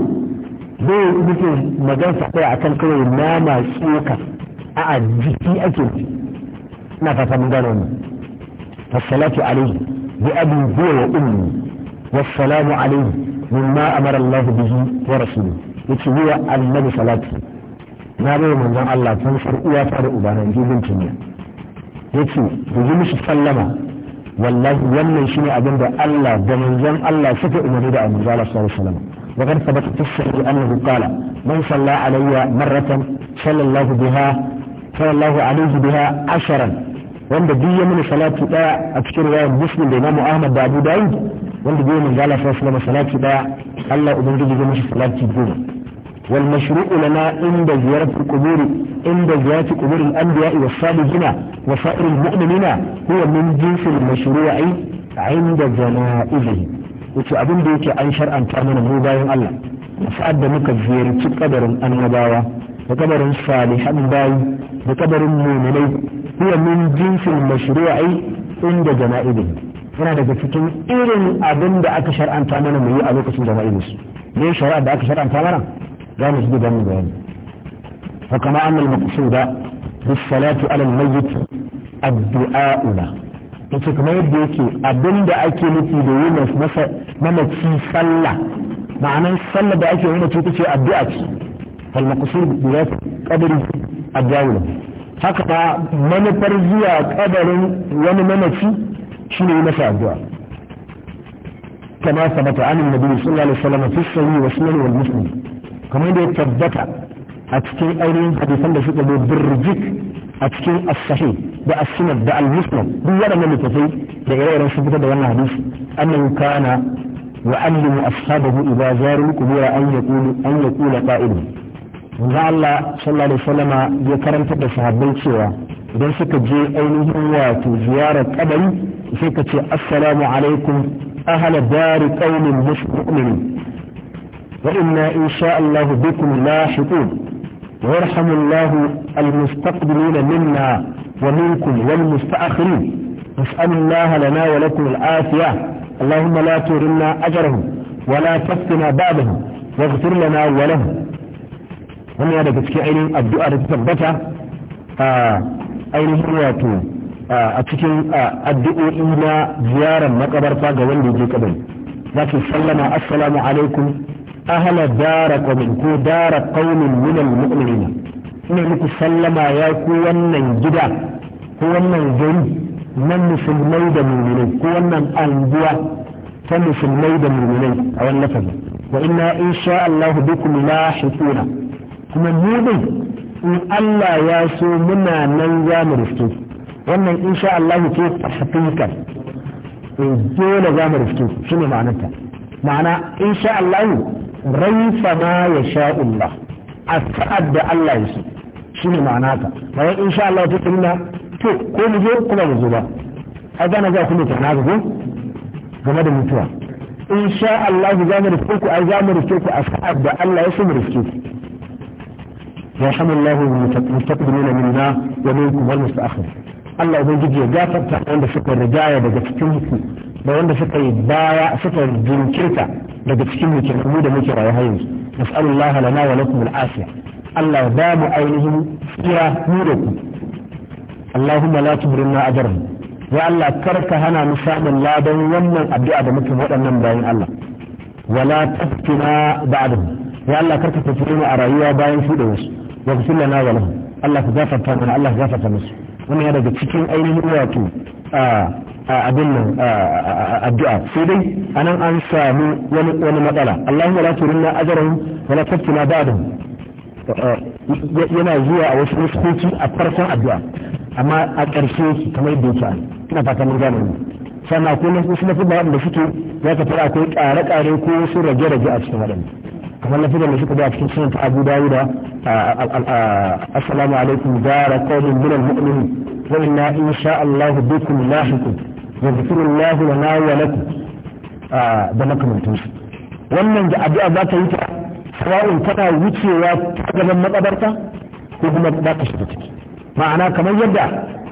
zai nufi magansa kai akan kawai nama tsoka a'a jiki ake ina fata mun gano wannan الصلاة عليه بأبي هو وأمي والسلام عليه mimma amara Allah bihi wa rasuluhu yace huwa annabi salatu na bai manzon Allah tun far uwa ta da ubana in jibin tunya yace ku yi mishi sallama wallahi wannan shine abin da Allah da manzon Allah suka umarni da manzon Allah sallallahu alaihi wasallam وقد ثبت في الصحيح قال من صلى علي مرة صلى الله بها صلى الله عليه بها عشرا wanda duk ya mini salati daya a cikin riwayar muslim da imamu ahmad da abu dawud wanda bai mun gala sa sallama salati daya Allah ubangiji zai mishi salati goma wal mashru'u lana inda ziyaratul qubur inda ziyarati qubur al anbiya wa salihin wa sa'ir al mu'minina huwa min jins mashru'i inda janaizihi wato abin da yake an shar'anta mana mu bayan Allah sa'ad da muka ziyarci kadarin annabawa da kabarin salihan bayi da kabarin mu'minai huwa min jins al mashru'i inda janaizihi yana daga cikin irin abin da aka shar'anta mana mu yi a lokacin da ba'i musu ne shari'a da aka shar'anta mana za mu shiga mu bayani fa kama annal maqsuda bis salatu ala al mayyit addu'a yace kamar yadda yake abin da ake nufi da yi masa mamaci sallah ma'anan sallah da ake yi mace ta ce addu'a ce fal maqsud bi zati qadri addu'a haka ba manufar zuwa kabarin wani mamaci shi ne masa addu'a kama sabata an annabi sallallahu alaihi wasallam fi sahih wa sunan wal kamar da ya tabbata a cikin ainihin hadisan da suka zo birjik a cikin as da as-sunan da al-muslim duk waɗannan littafai da ire-iren su fitar da wannan hadisi annahu kana wa allimu ashabahu idza zaru an manzo Allah sallallahu alaihi wasallam ya karanta da sahabbai cewa idan suka je ainihin wato ziyarar kabari sai ka اهل دار قوم مش مؤمن وانا ان شاء الله بكم لاحقون ويرحم الله المستقبلين منا ومنكم والمستاخرين نسال الله لنا ولكم العافيه اللهم لا تورنا اجرهم ولا تفتنا بعدهم واغفر لنا ولهم wannan ya daga cikin ainihin addu'a da tabbata a ainihin wato a cikin addu'o'i na ziyarar makabarta ga wanda yake kabari za ki sallama assalamu alaikum ahla dara qawmin ko dara qawmin min ina muku sallama ya ku wannan gida ko wannan gari na musulmai da muminai ko wannan anguwa ta musulmai da muminai a wannan lafazin wa inna insha Allah bikum lahiquna kuma mu din in Allah ya so muna nan za mu rufke wannan insha Allah ke in eh, dole za mu rufke shi ne ma'anarta ma'ana insha Allah raifa ma ya sha Allah a sa'ad da Allah ya so shi ne ma'ana bayan insha Allah ta tsirna to ko mu zo kuma mu zo ba a gana za ku ne tana ga game da mutuwa insha Allah za mu rufke ku ai za mu rufke ku a sa'ad da Allah ya so mu rufke ku يرحم الله المستقبلين منا ومنكم والمستأخر Allah Ubangiji ya gafarta wanda suka rigaya daga cikin ku da wanda suka yi baya suka jinkirta daga cikin mu kenan mu da muke rayu har yanzu nas'alullah lana wa lakum al-afiya Allah ya bamu ainihin tsira mu da ku Allahumma la tuhrimna ajrahum ya Allah karka hana mu samun ladan wannan addu'a da muke waɗannan bayan Allah wala tafkina ba'dahum ya Allah karka tafi mu a rayuwa bayan su da wasu wa fi lana wa lahum Allah ka gafarta mana Allah ka gafarta musu wannan ya daga cikin ainihin wato abin nan addu'a sai dai anan an samu wani wani matsala Allahumma la turinna ajrahum wa la taftina ba'dahum yana zuwa a wasu nuskoki a farkon addu'a amma a ƙarshe kamar da yake ina fata mun gane sannan akwai wasu nafi da suke ya tafi akwai ƙare-ƙare ko wasu rage-rage a cikin waɗanda kamar na fidan da suka a cikin sunan ta abu dawuda assalamu alaikum zara qawmin min al-mu'minin wa inna insha Allah bikum lahiqun yadhkuru Allah lana wa lakum da makamantansu wannan da addu'a za ta yi ta sawa'un tana wucewa ta gaban matsabarta ko kuma za ka shiga ciki ma'ana kamar yadda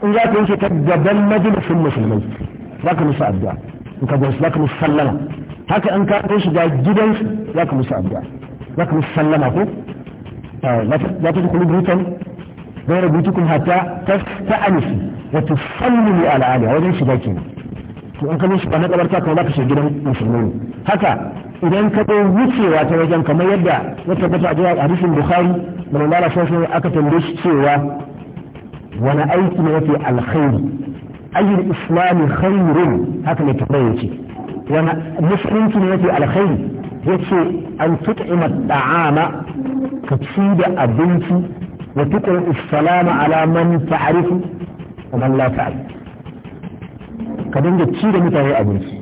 in za ka wuce ta gaban majalisin musulmai za ka musu addu'a in ka za ka musu sallama haka in ka kai shiga gidansu za ka musu addu'a za ka musu sallama ko ah, za ta tukuli butan don rubutukun hatta ta ta'anisu wa tusallimu ala a wajen shiga kenan to an ka musu ba na kabarta kuma za ka shiga gidan musulmi haka idan ka ɗau wucewa ta wajen kamar yadda ya tabbata a jiya hadisin bukhari da lalala sosai aka tambaye shi cewa wani aiki ne mafi alkhairi ayyul islami khairun haka ne tambaye ce wani musulunci ne yake alkhairi yace an tut'ima da'ama ka ci da abinci wa tuqra salama ala man ta'rifu wa man la ta'rif ka dinga ci da mutane abinci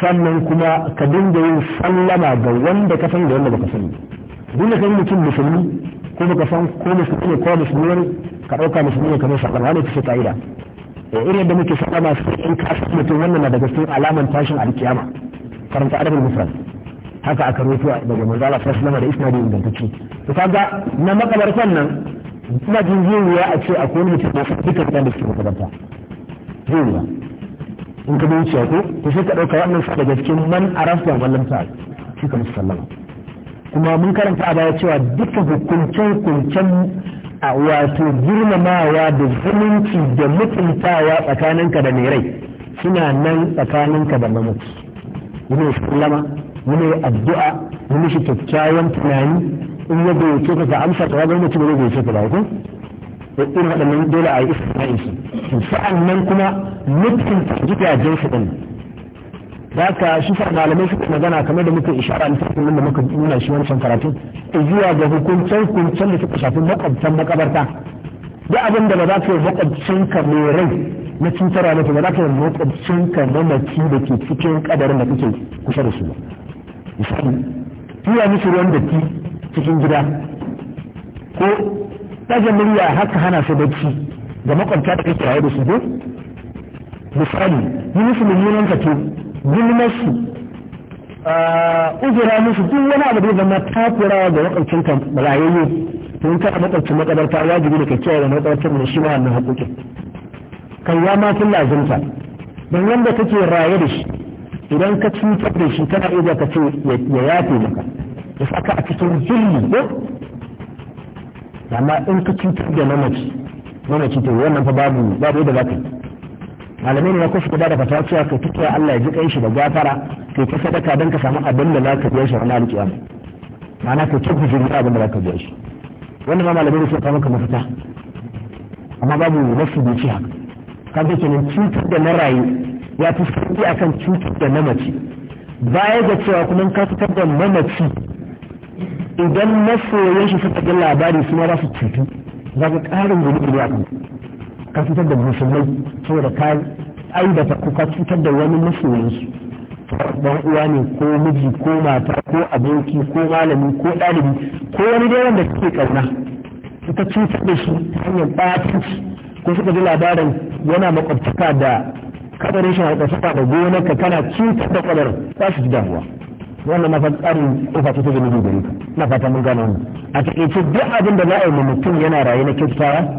sannan kuma ka dinga yin sallama ga wanda ka san da wanda baka sani duk kan mutum musulmi ko baka san ko musulmi ne ko musulmi ne ka dauka musulmi ne kamar shakar wani ta ce ka'ida da irin da muke sallama masu in ka mutum wannan na daga cikin alaman tashin alkiyama karanta adabul musal haka aka roto daga manzala Allah sallallahu alaihi da isnadi ingantacce to kaga na makabartan nan ina jin zuwa a ce akwai wani mutum da duka da suke makabarta zuwa in ka bin ko to sai ka dauka wannan sa daga cikin man arafa wallan ta shi ka sallama kuma mun karanta a baya cewa duka hukuncen hukuncen a wato girmamawa da zumunci da mutuntawa tsakaninka da mai rai suna nan tsakaninka da mamaki wani sallama wani addu'a wani shi kyakkyawan tunani in ya ce ka amsa ka wani mutum ne gayyace ka ba ko da irin waɗannan dole a yi isma'il su sa'an nan kuma mutunta gidajen su ɗin. da haka shi sa malamai suka magana kamar da muka ishara a cikin nan da muka nuna shi wancan karatu zuwa ga hukuncen hukuncen da suka shafi makwabtan makabarta duk abin da ba za ka yi makwabcin ka mai rai na cutarwa ne ba za ka yi makwabcin ka na mace da ke cikin kadarin da kake kusa da su ba misali tuya musu ruwan datti cikin gida ko ɗaga murya haka hana su bacci ga makwabta da kake raye da su ko misali yi musu mummunan gulmarsu eh, uzura musu duk wani abu da zama takurawa ga makwabcinka rayayye to in kana makwabcin makabarta wajibi da ka kiyaye da makwabcin da shi ma wannan haƙoƙin kan ya ma sun lazimta don yanda kake raye da shi idan ka cutar da shi kana iya ka ce ya yafe maka ya saka a cikin zulmi ko amma in ka cutar da mamaci mamaci to wannan fa babu babu yadda za ka yi malamai ne ya kusa da fata cewa ka fito Allah ya ji kai shi da gafara kai ta sadaka don ka samu abin da za ka biya shi a ranar kiyama ma'ana ka ci gudun abin da za ka biya shi wannan ma malamai ne suka kawo maka mafita amma babu wasu bai ci haka kan take cutar da na rayu ya fi sauki akan cutar da na mace baya ga cewa kuma ka fitar da na mace idan masoyan shi suka ji labari su ma za su cutu za ka ƙarin gudu da a kan ka fitar da musulmai saboda ka aibata ko ka fitar da wani masoyinsu dan uwa ne ko miji ko mata ko aboki ko malami ko ɗalibi ko wani dai wanda kake kauna ka cutar da shi hanyar ɓatanci ko suka ji labarin yana makwabtaka da kabarin shi makwabtaka da gonarka kana cutar da kwadar ba su ji wannan na tsarin kofa ta zunubi gare na fata mun gano a takaice duk abin da za a yi mutum yana rayu na kyautawa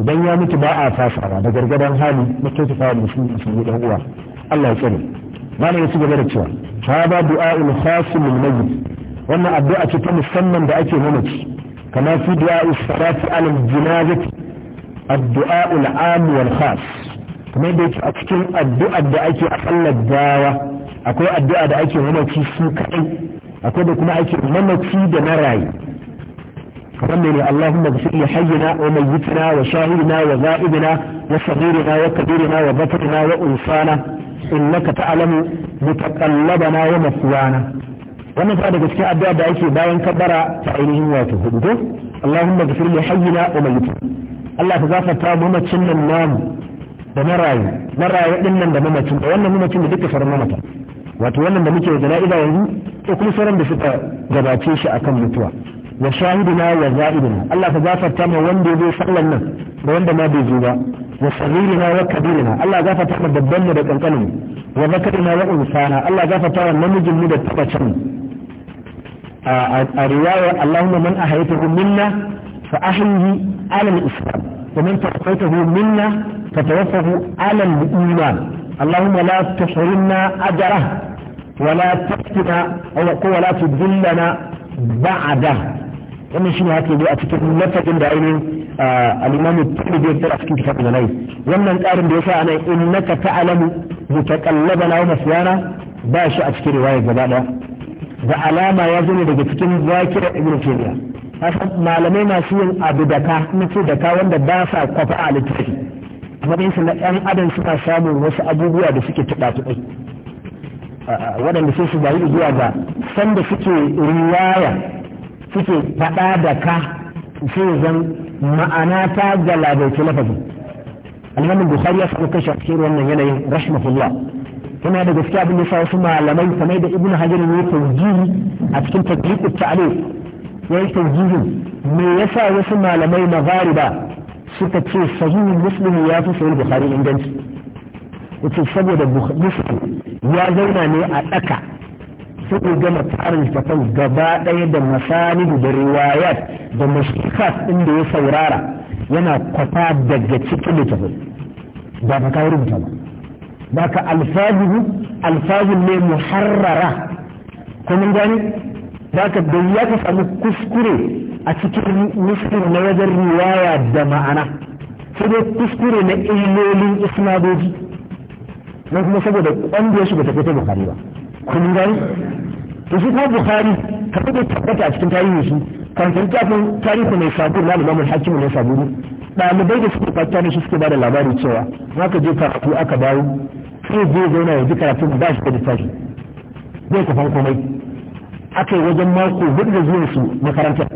idan ya mutu ba a fasawa da gargadan hali na kyautata musulmi musulmi dan uwa Allah ya tsare mana ya ci gaba da cewa hada du'a'ul khasim lil mayyit wannan addu'a ce ta musamman da ake mamaci kama fi du'a'is salati ala jinazati addu'a'ul 'am wal khas kuma da yake a cikin addu'a da ake a sallar gawa akwai addu'a da ake mamaci su kai. akwai da kuma ake mamaci da na rayu فمن اللهم اغفر لحينا وميتنا وشاهدنا وغائبنا وصغيرنا وكبيرنا وذكرنا وانثانا انك تعلم متقلبنا ومثوانا wannan ta daga cikin addu'a da ake bayan kabbara ta ainihin wato hudu ko Allahumma ghfir li hayyina wa mayyitina Allah ka gafarta mu mamacin nan namu da marayu marayu din nan da mamacin da wannan mamacin da duka farin mamata wato wannan da muke da yanzu kuma da suka gabace shi akan mutuwa وشاهدنا وزائدنا الله تزافر تامه وانده بي صلى الله وانده ما بيزيبا وصغيرنا وكبيرنا الله تزافر تامه دبنا بكنتنم وذكرنا وانسانا الله تزافر تامه نمج المدى تبتشن الرواية آه، آه، اللهم من أحيته منا فأحيه على الإسلام ومن تحقيته منا فتوفه على الإيمان اللهم لا تحرمنا أجره ولا تفتنا أو لا تذلنا بعده wannan ne ake zai a cikin lafafin da ainihin alimamu imam tirmidhi ya a cikin da nai wannan karin da sa ana innaka ta'lamu na wa siyana ba shi a cikin riwaya gaba ɗaya da alama ya zo ne daga cikin zakira ibnu taymiya san malamai masu yin abu da ka nace da ka wanda ba sa kwafa a littafi kuma su na yan adam suna samun wasu abubuwa da suke tuɗa tuɗai waɗanda sai su bayi zuwa ga sanda suke riwaya suke faɗa da ka sai zan ma'ana ta galabaici lafazin alhamin bukhari ya faɗo kashe cikin wannan yanayin rahmatullah kuma da gaskiya abin da sa wasu malamai kamar da ibnu hajar ne tawjihi a cikin tajriqut ta'alif yayi tawjihin me yasa wasu malamai maghariba suka ce sahihul muslim ya fi sahihul bukhari inganci yace saboda muslim ya zauna ne a tsaka sai gama tsarin littafin gaba ɗaya da masani da riwayat da mashikas ɗin da ya saurara yana kwata daga cikin littafin ba ka kawo rubuta ba ba ka alfazihu alfazin ne muharrara ko mun gani ba ka da ya ka samu kuskure a cikin nufin na wajen riwaya da ma'ana sai dai kuskure na illolin isnadoji na kuma saboda ƙwanda ya shiga tafiye ta bukari ba kun gani to shi kuma bukhari kamar da tabbata a cikin tarihi su kan littafin tarihi mai sabu na limamul hakimu ne sabu ɗalibai da suke fata ne suke ba da labari cewa za ka je karatu aka dawo sai je zauna ya ji karatu ba shi da littafi zai kafan komai aka yi wajen mako hudu da zuwa su makarantar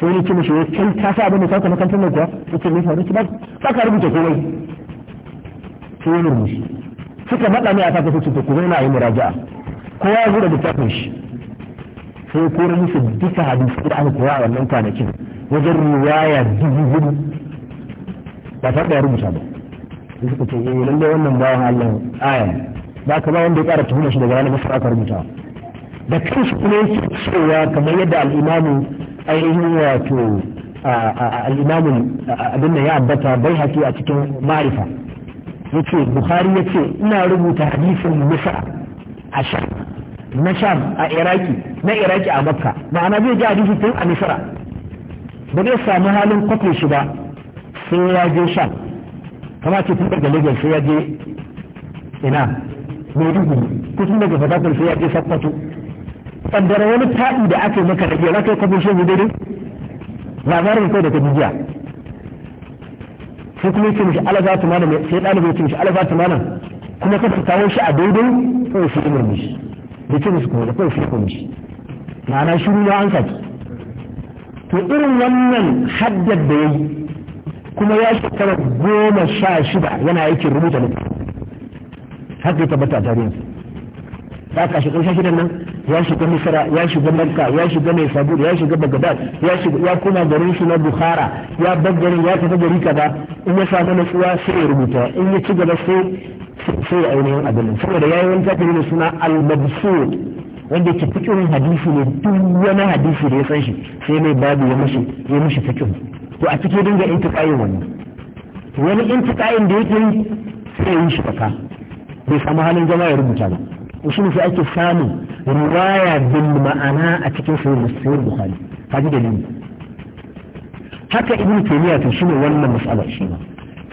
sai ni ce mishi wai kai ta sa abin da sauka makarantar nan kuwa yake ne faru ba za ka rubuta komai sai ya murmushi suka maɗa ne a kafa su ku zauna a yi muraja'a kowa ya buɗe littafin shi sai na musu duka hadisi da aka koya a wannan kwanakin wajen riwaya dubu hudu ba tare da ya rubuta ba sai suka ce eh lalle wannan bawan Allah aya ba ka ba wanda ya ƙara tuhuma shi daga ranar masu aka rubuta da kansu kuma yake cewa kamar yadda al'imamu ainihin wato al'imamun abin da ya ambata bai haƙi a cikin ma'arifa ya ce buhari ya ce ina rubuta hadisin musa a sha na sham a iraki na iraki a makka ma'ana zai ji hadisi tun a misra ba zai samu halin kwafe shi ba sai ya je sham kama ce tun daga lagos sai ya je ina maiduguri ko tun daga fadakar sai ya je sakkwato kaddara wani taɗi da aka yi maka da gela kai kwafin shi daidai labarin kai da ta jiya sai kuma yake mishi alaza za ta sai ɗalibai yake mishi alaza za kuma ka kawo shi a daidai sai su yi murmushi da kin su da kai su kunci ma'ana shiru ya an saki to irin wannan haddar da yayi kuma ya shekara goma sha shida yana aikin rubuta littafi haka ya tabbata a tarihinsa ta ka shekar sha shidan nan ya shiga misra ya shiga makka ya shiga mai sabur ya shiga bagdad ya shiga ya kuma garin shi na bukhara ya bar ya tafi gari kaza in ya samu nutsuwa sai ya rubuta in ya ci gaba sai sai ainihin abin nan saboda ya yi wani tafiye da suna al-mabsud wanda ke fikin hadisi ne duk wani hadisi da ya san shi sai mai babu ya mashi ya mashi fikin to a cikin dinga intiƙayin wannan wani intiƙayin da yake yi sai ya yi shi faka bai samu halin zama ya rubuta ba shi ne sai ake samun riwaya bil ma'ana a cikin sahih bukhari kaji dalili haka ibnu taymiya to shine wannan mas'alar shi ne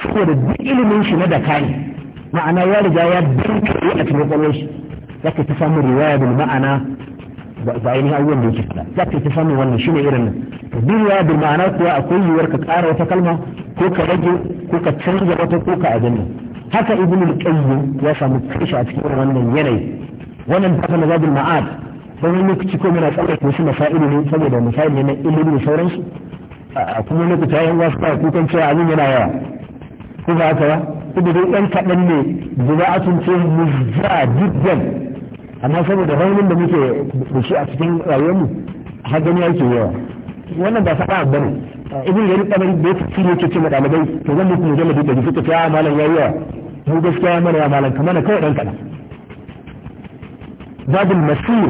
saboda duk ilimin shi na da kai ma'ana ya riga ya dankaye a cikin kwakwalwar shi za ka ta samun riwaya bil ma'ana ba ainihin abubuwan da yake fada za ka ta samun wannan shine irin nan to duk riwaya bil ma'ana kuwa akwai yiwuwar ka ƙara wata kalma ko ka rage ko ka canza wata ko ka abin haka ibn al-qayyim ya samu kashi a cikin wannan yanayi wannan fata na zabul ma'ad sai wani lokaci ko muna tsallake wasu masa'ilu ne saboda misali na ilimi da sauransu a kuma lokuta yan wasu kukan cewa abin yana yawa ko ba haka ba inda dai ɗan kaɗan ne zuba a zira'atun ce muzza jiddan amma saboda raunin da muke da shi a cikin rayuwarmu har gani yake yawa wannan ba sa'a ba ne ibn yarin kamar da yake cikin yake ce madalibai to zan muku mujalla da yake suka ta ah, malam yayi wa mu gaskiya mana ya malam kamar kawai dan kana babul masir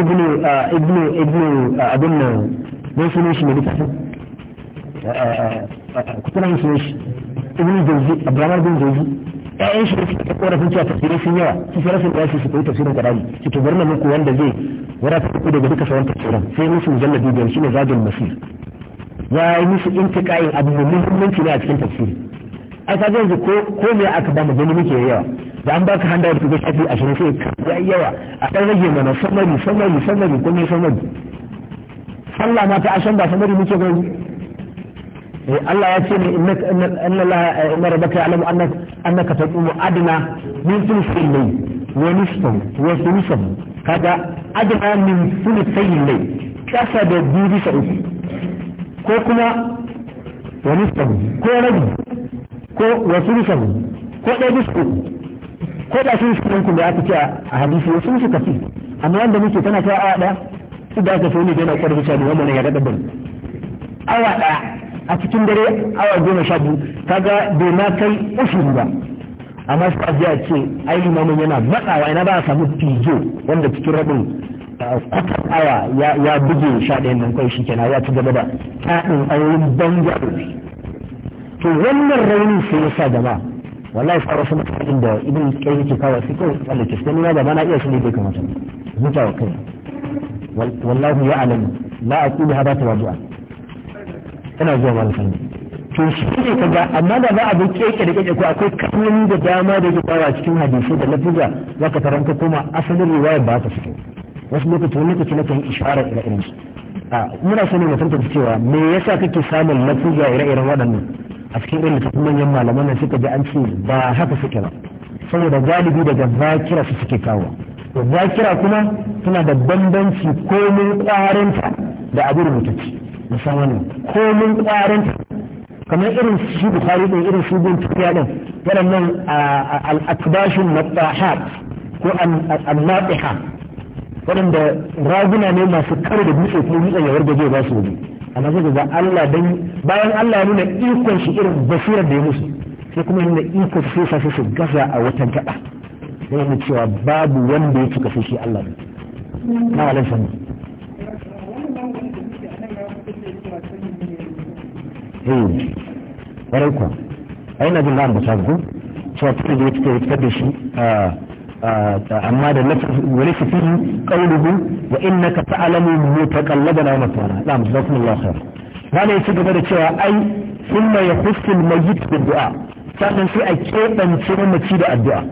ibn ah, ibn ibn ah, abin nan ne sunan shi ne littafin kutunan sunan shi ibn jauzi abdurrahman bin jauzi ƴaƴan shi suka ta korafin cewa tafsirai sun yawa su sai rashin dashi su koyi tafsirin qur'ani su to bari na muku wanda zai wara wadatar ku daga duka sauran tafsiran sai musu mujalladi biyar shine zadul masir ya yi musu intiqa'in abu mai muhimmanci ne a cikin tafsiri ai ka yanzu ko ko me aka ba mu gani muke yawa da an baka handa da shafi shirin sai ya yawa a ɗan rage mana samari samari samari ko me samari sallah ta ashan ba samari muke gani Eh, Allah ya ce ne inna Allah eh, inna rabbaka ya'lamu annaka annaka taqumu adina min thulthil mai wani sun wa thuluthahu kaga adina min thulthil mai kasa da biyu bisa uku ko kuma wa sun ko rabi ko wa thuluthahu ko ɗaya bisa uku ko da sun sun kun da aka ce a hadisi wasu sun shi kafi amma yadda muke tana ta a ɗaya su da aka so ne da yana ƙarfi cewa ne wannan ya ga dabban awa ɗaya a cikin dare awa goma sha biyu kaga bai ma kai usuru ba amma shi ajiya ce ai limamin yana matsawa ina ba a samu fijo wanda cikin rabin kwatar awa ya buge sha ɗayan nan kai shi kenan ya ci gaba da kaɗin ayoyin banza to wannan rauni sai ya sa gaba wallahi fa wasu matakin da ibn kai yake kawo sai kawai ke sai nuna gaba na iya shi ne bai kamata zuta wa kai wallahu alamu la aqulu hada tawadu'a yana zuwa malafan ne to shi ne kaga amma da ba abin keke da keke ko akwai kalmomi da dama da yake bawa cikin hadisi da lafiza za ka faranta kuma asalin riwaya ba ta fito wasu lokaci wani lokaci na kan isharar ire irin su muna so ne mu tantance cewa me yasa kake samun lafiza ire-iren waɗannan a cikin irin da manyan malaman nan suka ji an ce ba haka suke ba saboda galibi daga zakira su suke kawo zakira kuma tana da bambanci komin ƙwarinta da abin rubutacci musamman komin ƙwarin kamar irin shi bukari ɗin irin shi bin tafiya ɗin waɗannan al'atubashin matsahat ko al waɗanda raguna ne masu kare da dutse kuma dutsen yawar da zai ba su waje amma zai ga Allah dan bayan Allah ya nuna ikon shi irin basirar da ya musu sai kuma nuna ikon sai sa su gaza a wata gaba yana cewa babu wanda ya cika sai shi Allah ne na alaihi eh ƙwarai kuwa a yana jin la'an basa ko cewa kuka da kuka fitar da shi amma da wani fitin ƙauluhu wa inna ka ta'alamu mu taƙallaba na matana na musulakun Allah khair wani ya ci gaba da cewa ai sun mai hustul mayyit da du'a sannan sai a keɓance mamaci da addu'a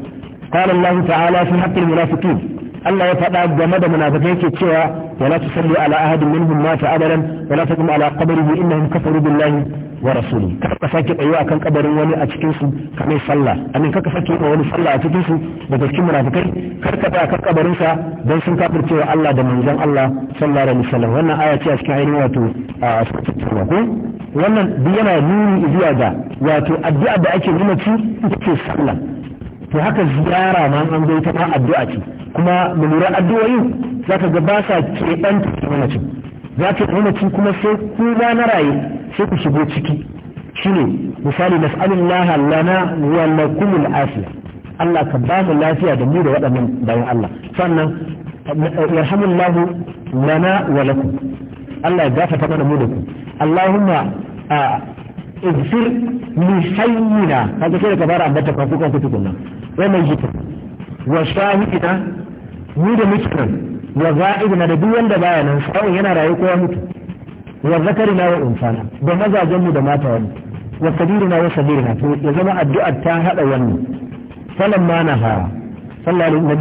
قال الله تعالى في حق المنافقين Allah ya faɗa game da munafikai ke cewa wala tusalli ala ahadin minhum mata abadan wala taqum ala qabrihi innahum kafaru billahi wa rasuli ka sake tsayo akan kabarin wani a cikin su ka mai sallah amin ka sake yi wani sallah a cikin su daga cikin munafikai kar ka tsaya kan kabarin sa dan sun kafirce cewa Allah da manzon Allah sallallahu alaihi wasallam wannan aya ce a cikin ainihin wato a ko wannan duk yana nuni zuwa ga wato addu'a da ake nuna ci ita ce sallah to haka ziyara ma an zo ta addu'a ce kuma mu lura addu'o'in za ka ga ba sa keɓanta mamacin za ka mamacin kuma sai ku ba na raye sai ku shigo ciki shine misali nas'alullah lana wa lakum al Allah ka ba mu lafiya da mu da waɗannan bayan Allah sannan yarhamullahu lana wa lakum Allah ya gafarta mana mu da ku Allahumma اغفر لحينا هذا كده كبار عم بتكون فوق وانت تكون ومن جيت وشاهدنا ميدا مشكل وغائبنا da duk wanda baya nan sawun yana rayu ko ya mutu wa zakarina wa unsana da mazajen mu da mata wani wa kabirina wa sabirina to ya zama addu'ar ta hada wannan falan ma naha sallallahu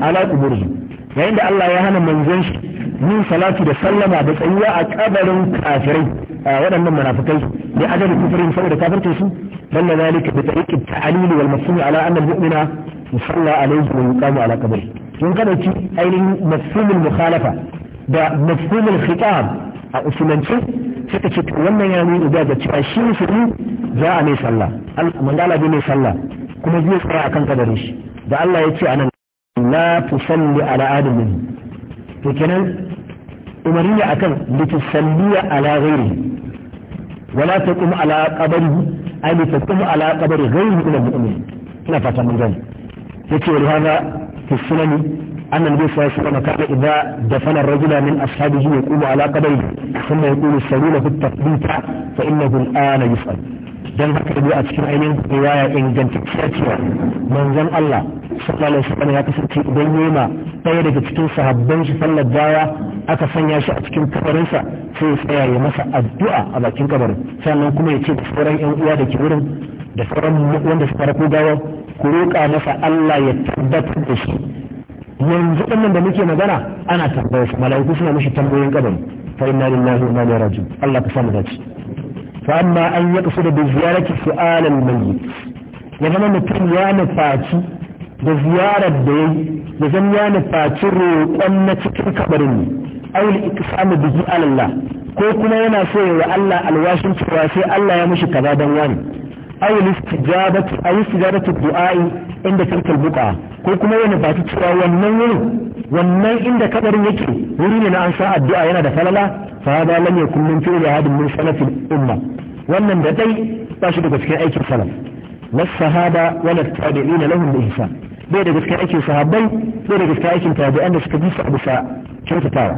alaihi yayin da Allah ya hana manzon shi yin salatu da sallama da tsayuwa a kabarin kafirai a waɗannan munafikai da adadin kufurin saboda kafirce su dan da zalika bi tariqi ta'lil wal mafhum ala anna al mu'mina yusalla alayhi wa yuqamu ala qabri kun kada ci ainihin mafhum al mukhalafa da mafhum al khitab a usulance suka ce wannan ya nuna da ga cewa shi musulmi za a mai sallah Allah mandala bi mai sallah kuma zai tsaya akan kadarin shi da Allah ya ce anan لا تصلي على أحد آدم لكن أمرني أكن لتصلي على غيره ولا تقوم على قبره أي تقوم على قبر غيره من المؤمنين هنا فاتح من ذلك يكي لهذا في السنن أن النبي صلى الله عليه وسلم كان إذا دفن الرجل من أصحابه يقوم على قبره ثم يقول السليم في التقديم فإنه الآن يسأل don haka da a cikin ainihin riwaya ingantacciya cewa manzon Allah sallallahu alaihi wasallam ya kasance idan yi ma ɗaya daga cikin sahabban shi sallar gawa aka sanya shi a cikin kabarinsa sai ya tsaya ya masa addu'a a bakin kabarin sannan kuma ya ce da sauran yan uwa da ke wurin da sauran wanda suka rako gawa ku roƙa masa Allah ya tabbatar da shi yanzu ɗin da muke magana ana tambayar mala'iku suna mishi tambayoyin kabari fa inna lillahi wa inna ilaihi raji'un Allah ka samu dace fa amma an yaqsudu da ziyarati su'al al-mayyit ya zama mutum ya nufaci da ziyarar da yayi ya zama ya nufaci roƙon na cikin kabarin ne aw al-iqsamu bihi ala Allah ko kuma yana so ya Allah alwashin cewa sai Allah ya mashi kaza dan wani aw istijabati aw istijabati du'a'i inda tilkal buqa ko kuma yana ba cewa wannan wurin wannan inda kabarin yake wuri ne na an sa addu'a yana da falala fa hada lam yakun min fi'li hadin min salafil umma wannan da dai ba shi daga cikin aikin salaf na sahaba wala tabi'in lahum bi ihsan bai daga cikin aikin sahabbai bai daga cikin aikin tabi'an da suka bi su bisa kyautatawa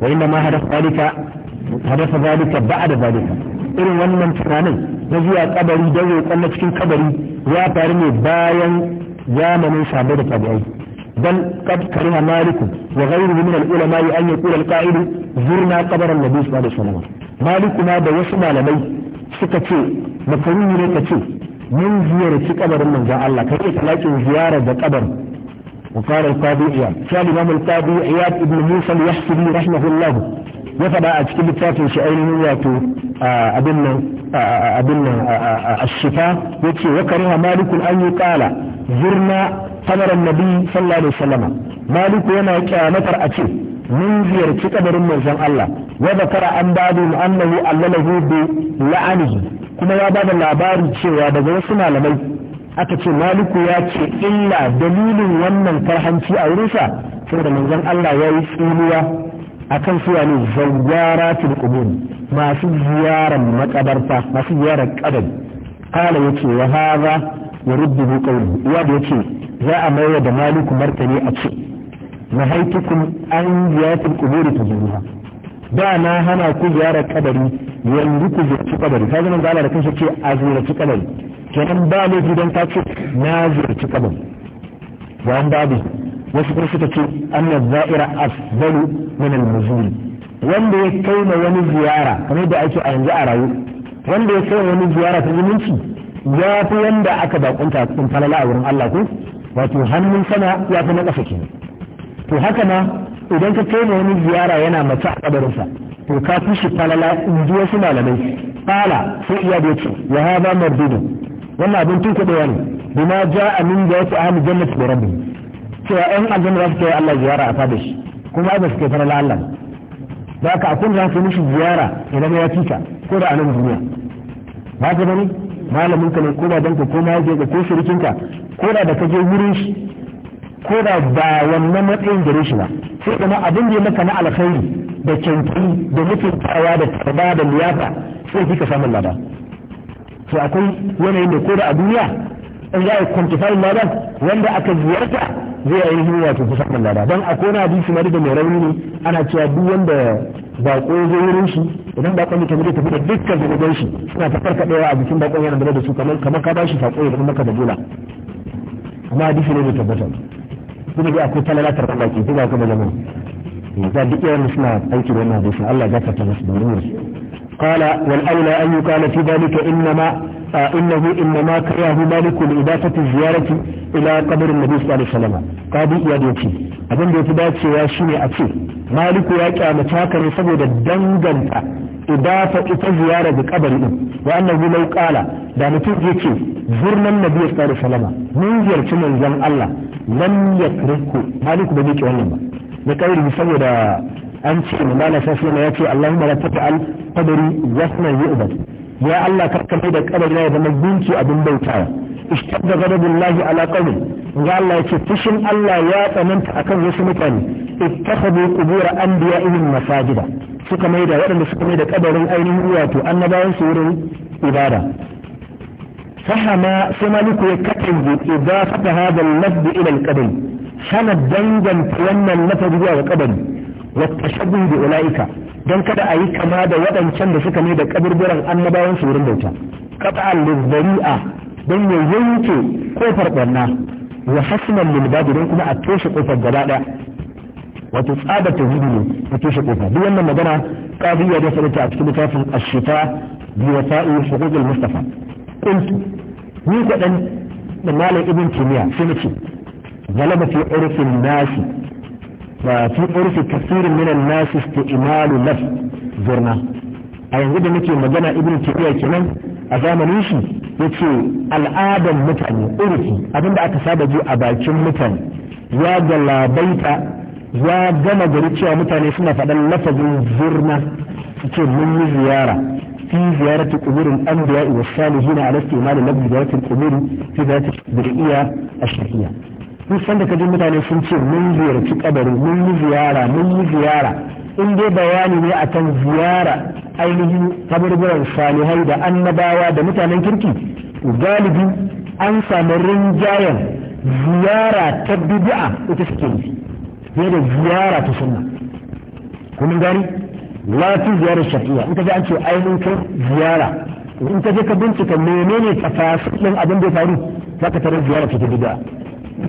wa inna ma hadafa zalika irin wannan tunanin na zuwa kabari don roƙon na cikin kabari ya faru ne bayan zamanin sabai da tabi'ai dan kariha maliku wa ghayruhu min al-ulama an yaqula al-qa'id zurna qabr an-nabi sallallahu alaihi wasallam maliku ma da wasu malamai suka ce makaruni ne kace mun ziyarci kabarin manzon Allah kai talakin ziyara da kabarin وقال القاضي عياد قال الإمام القاضي عياد بن موسى اليحسبي رحمه الله ya faɗa a cikin littafin shi ainihin wato abin nan abin nan ya yace wa kariha an yi qala zirna sanaran nabi sallallahu alaihi wasallam maliku yana kyamatar a ce mun ziyarci kabarin manzon Allah wa zakara an babu annahu allalahu bi la'anihi kuma ya bada labari cewa daga wasu malamai aka ce maliku ya ce illa dalilin wannan farhanci a wurinsa saboda manzon Allah ya yi tsinuwa akan suwa ne zawara tilkubur masu ziyarar makabarta masu ziyarar ƙadari kala yake wa haza ya rubdu bu kauli uwa da yace za a maye da maliku martani a ce na haitukum an ziyarar kuburi ta zuwa da na hana ku ziyarar kadari yanzu ku ziyarci kadari ta zama zala da kansa ce a ziyarci kadari kenan ba laifi don ta ce na ziyarci kadari ba babu wasu kuma suka ce anna za'ira afdalu min al-muzuri wanda ya kai ma wani ziyara kamar da ake a yanzu a rayu wanda ya kai wani ziyara ta zumunci ya fi wanda aka bakunta in falala a wurin Allah ko wato hannun sama ya fi na ƙasa kenan to haka ma idan ka kai ma wani ziyara yana mace a kabarinsa to ka fi shi falala in ji wasu malamai fala sai iya da yace wa hada mardudu wannan abin tun kuɗewa ne bima ja'a min da yake ahli jannati da rabbi cewa ɗan aljanna za su kai Allah ziyara a fadish shi kuma ba suke kai farala da aka a kun mishi ziyara idan ya cika ko da a duniya ba ka bane malamin ka ne ko da danka ko ma yake ko shirikin ka ko da da ka je wurin shi ko da ba wannan matsayin gare shi ba sai kuma abin da ya maka na alkhairi da kyanki da mutuntawa da tarba da liyafa sai kika samu lada to akwai yanayin da ko da a duniya in za a kwantifayin ladan wanda aka ziyarta zai ainihin wato fi samun lada don a kona hadisi na da mai rauni ne ana cewa duk wanda bako zai wurin shi idan bakon ne kamar tafi da dukkan zunuban shi suna ta farkaɗewa a jikin bakon yana da su kamar kamar ka ba shi sako ya zama maka da bola amma hadisi ne bai tabbata kuma dai akwai falala tarkan baki ko ba ka ba jama'a eh, za duk yawan suna aiki da wannan hadisin Allah ya gafarta musu da wurin قال والأولى أن يقال في ذلك إنما إنه إنما كرهه مالك لإضافة الزيارة إلى قبر النبي صلى الله عليه وسلم قاضي يا دوكي abin da ya fi dacewa shi ne a ce maliku ya kyamata haka ne saboda danganta idafa ita ziyara da kabari din wa annahu law qala da mutum yake zurnan nabi sallallahu alaihi wasallam mun ziyarci manzon Allah lam yakriku maliku ba yake wannan ba da saboda an ce ya ce Allahumma la tata'al qadri ya Allah karka da kabari ya zama gunki abin bautawa ishtadda ghadabullahi ala qawmin ga Allah yace fushin Allah ya tsananta akan wasu mutane an biya irin masajida suka mai da waɗanda suka mai da kabarin ainihin wato annabawan su wurin ibada فهما سمالك يكتب إضافة هذا اللفظ إلى القبل سند دنجا تيمى اللفظ إلى shagun da ulaika don kada a yi kama da waɗancan da suka mai da kaburburan annabawan su wurin bauta qat'an lizari'a don ya yanke kofar barna wa hasman lil don kuma a toshe kofar gaba wato tsada ta zubi ne a toshe kofa duk wannan magana qadiyya da sanata a cikin littafin ash-shifa bi wafa'i huquq al-mustafa qultu ni kadan da malam ibn timiya sai nace galaba fi urfin nasi fi ƙarfi kasirin minan nasu isti'malu laf zurna a yanzu da muke magana ibn tafiya a zamanin shi ya ce al'adan abin da aka saba ji a bakin mutane ya galabaita ya gama gari cewa mutane suna faɗan lafazin zirna suke mun yi ziyara في زيارة قبور الأنبياء والصالحين على استعمال لفظ زيارة القبور في ذات البرئية الشرعية duk sanda ka ji mutane sun ce mun ziyarci kabari mun yi ziyara mun yi ziyara in dai bayani ne a kan ziyara ainihin kaburburan salihai da annabawa da mutanen kirki galibi an samu rinjayen ziyara ta bid'a ita suke yi fiye da ziyara ta sunna kuma gani la tu ziyara shafiya in ka ji an ce ainihin ziyara in ka je ka bincika menene tafasirin abin da ya faru za ka tarar ziyara ta bid'a